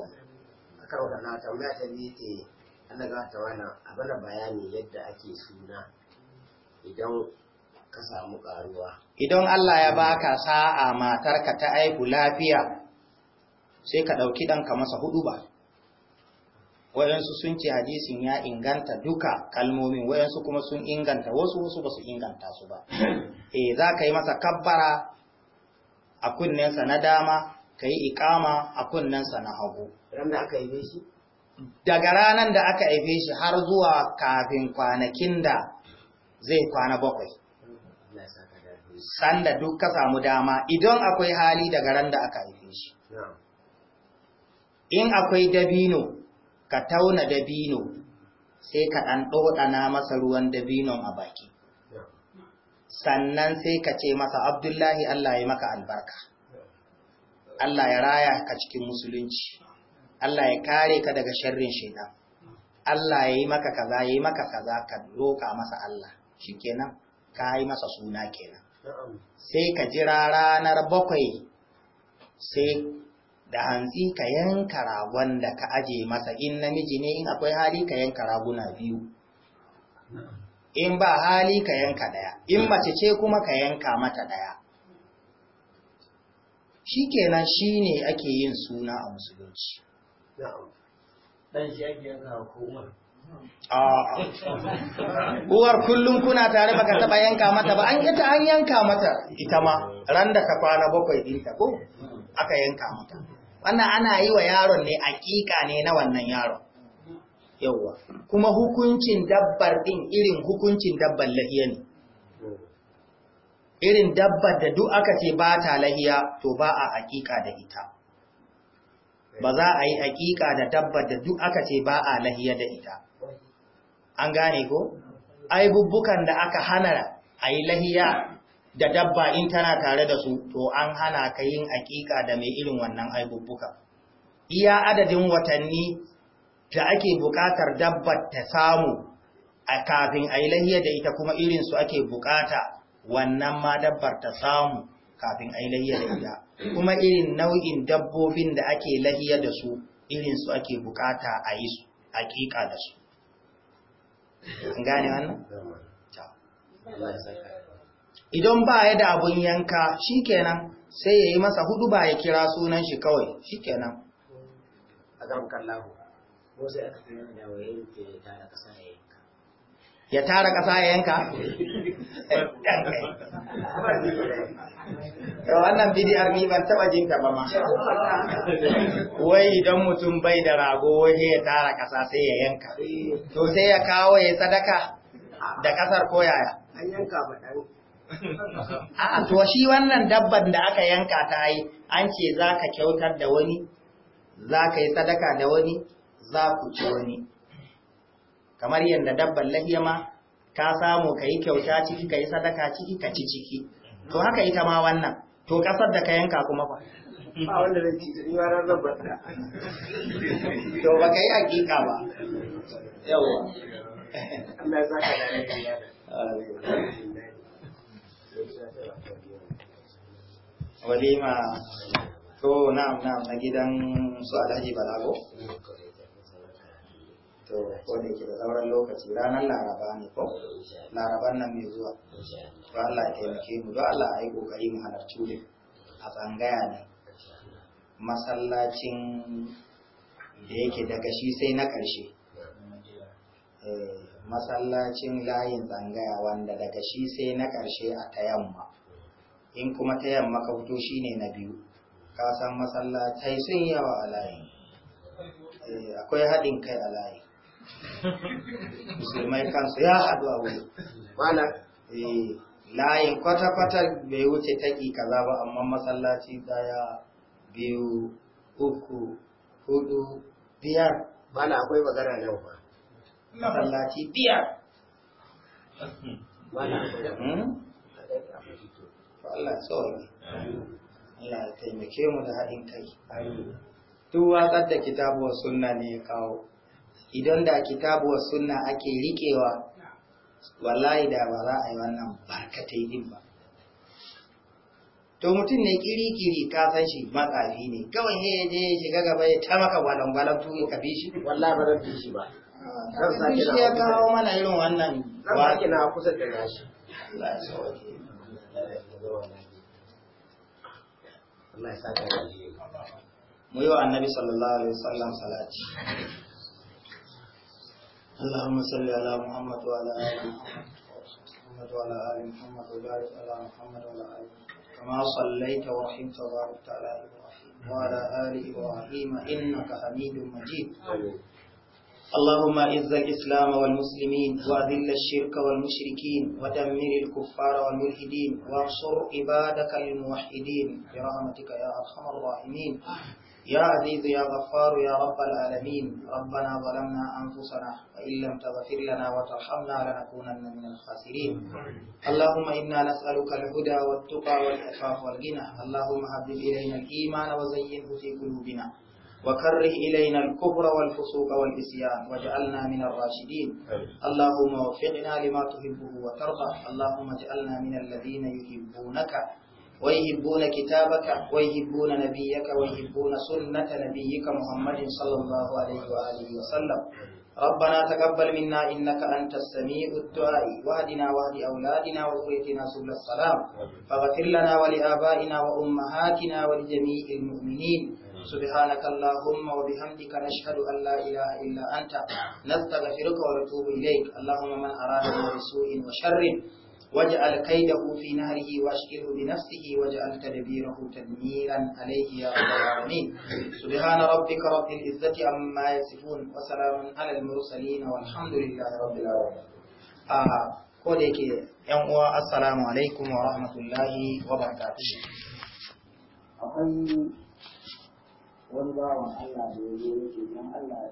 a karo da na tambaya ta biyu yi. An daga ta wani abana bayani yadda ake suna idan ka samu ƙaruwa idan Allah ya baka sa'a matarka ta aihu lafiya sai ka ɗauki ɗanka masa hudu ba wayansu sun ce hadisin ya inganta duka kalmomin wayansu kuma sun inganta wasu wasu ba su inganta su ba eh za ka yi masa kabbara a kunnensa na dama ka yi ikama a kunnensa na hagu daga ranar da aka haife shi har zuwa kafin kwanakin da zai kwana bakwai sanda duk ka samu dama idan akwai hali daga ran da aka haife shi in akwai dabino ka tauna dabino sai ka ɗan ɗoɗana masa ruwan dabino a baki sannan sai ka ce masa abdullahi Allah ya maka albarka Allah ya raya ka cikin musulunci Allah ya kare ka daga sharrin shaitan Allah ya yi maka kaza ya yi maka kaza ka doka masa Allah shi kenan ka yi masa suna kenan sai ka jira ranar bakwai sai da hantsi ka yanka ragon da ka aje masa in namiji ne in akwai hali ka yanka raguna biyu in ba hali ka yanka daya in mace ce kuma ka yanka mata daya shi kenan shi ne ake yin suna a musulunci uwar kullum kuna tare baka taba yanka mata ba an ita an yanka mata ita ma ran da ka kwana bakwai dinta ko aka yanka mata wannan ana yi wa yaron ne aƙiƙa ne na wannan yaron yauwa kuma hukuncin dabbar din irin hukuncin dabbar lahiya ne irin dabbar da duk aka ce ba ta lahiya to ba a aƙiƙa da ita ba za a yi aƙiƙa da dabbar da duk aka ce ba a lahiya da ita an gane ko aibubbukan da aka hana a yi lahiya da dabba in tana tare da su to an hana ka yin aƙiƙa da mai irin wannan aibubbuka iya adadin watanni da ake buƙatar dabbar ta samu a kafin a yi lahiya da ita kuma irin su ake buƙata wannan ma dabbar ta samu kafin a yi lahiya da ita kuma irin nau'in dabbobin da ake lahiya da su irin su ake buƙata a yi su aƙiƙa da su an gane wannan? idan ba ya da abun yanka shi kenan sai ya yi masa hudu ba ya kira sunan shi kawai shi kenan ya tara ƙasa ya yanka da wannan bidiyar ni ban taɓa jinta ba ma wai idan mutum bai da rago wai ya tara ƙasa sai ya yanka to sai ya kawo ya sadaka da ƙasar koyaya an yanka ba ɗan A'a to shi wannan dabban da aka yanka ta yi an ce za ka kyautar da wani, za ka yi sadaka da wani, za ku ci wani. Kamar yadda dabban lahiya ma, ka samu ka yi kyauta ciki, ka yi sadaka ciki, ka ci ciki. To haka ita ma wannan, to ƙasar da ka yanka kuma ba. Ba wanda zai ci yi ranar dabban da. To ba ka yi hakika ba. Yawwa. Allah ya da rai. walima to na'am na'am na gidan su alhaji balago to ko da ke da sauran lokaci ranar laraba ne ko laraban nan mai zuwa to Allah ya taimake mu don Allah a yi kokari mu halarci ne a bangaya ne masallacin da yake daga shi sai na ƙarshe eh, masallacin layin zangaya wanda daga shi sai na ƙarshe a ta yamma in kuma ta yamma ka fito shi ne na biyu ka san masallatai sun yawa a layi eh, akwai haɗin kai a layi musulmai kansu ya haɗu a wuri eh, layin kwata-kwata bai wuce taƙi kaza ba amma masallaci daya biyu uku hudu biyar bana akwai magana yau ba masallaci biyar akwai hmm? Allah tsawon Allah ya taimake mu da haɗin kai duk watsar da kitabuwar sunna ne ya kawo idan da kitabuwar sunna ake riƙewa wallahi da ba za a yi wannan barkatai din ba to mutum ne kiri-kiri ka san shi matsafi ne kawai he ya je ya shiga gaba ya ta maka walan-walan tuwo ka bi shi wallahi ba zan bi shi ba zan sake na kusa ya kawo mana irin wannan zan na kusa da gashi. Allah ya sauke Allah ya annabi sallallahu alaihi wa ala ali kama sallaita wa innaka hamidum majid اللهم اعز الإسلام والمسلمين وأذل الشرك والمشركين ودمر الكفار والملحدين وانصر عبادك الموحدين برحمتك يا أرحم الراحمين يا عزيز يا غفار يا رب العالمين ربنا ظلمنا أنفسنا وإن لم تغفر لنا وترحمنا لنكونن من الخاسرين اللهم إنا نسألك الهدى والتقى والعفاف والغنى اللهم حبب إلينا الإيمان وزينه في قلوبنا وكره إلينا الكفر والفسوق والإسيان واجعلنا من الراشدين اللهم وفقنا لما تحبه وترضى اللهم اجعلنا من الذين يحبونك ويحبون كتابك ويحبون نبيك ويحبون سنة نبيك محمد صلى الله عليه وآله وسلم ربنا تقبل منا إنك أنت السميع الدعاء واهدنا واهد أولادنا وذريتنا سبل السلام فاغفر لنا ولآبائنا وأمهاتنا ولجميع المؤمنين سبحانك اللهم وبحمدك نشهد أن لا إله إلا أنت نستغفرك ونتوب إليك اللهم من أرادنا بسوء وشر واجعل كيده في نهره واشكله بنفسه واجعل تدبيره تدميرا عليه يا رب العالمين سبحان ربك رب العزة عما يصفون وسلام على المرسلين والحمد لله رب العالمين آه كوديك yan uwa assalamu alaikum wa rahmatullahi wa barakatuh wani bawan Allah da ya zo yake dan Allah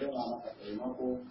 yana maka taimako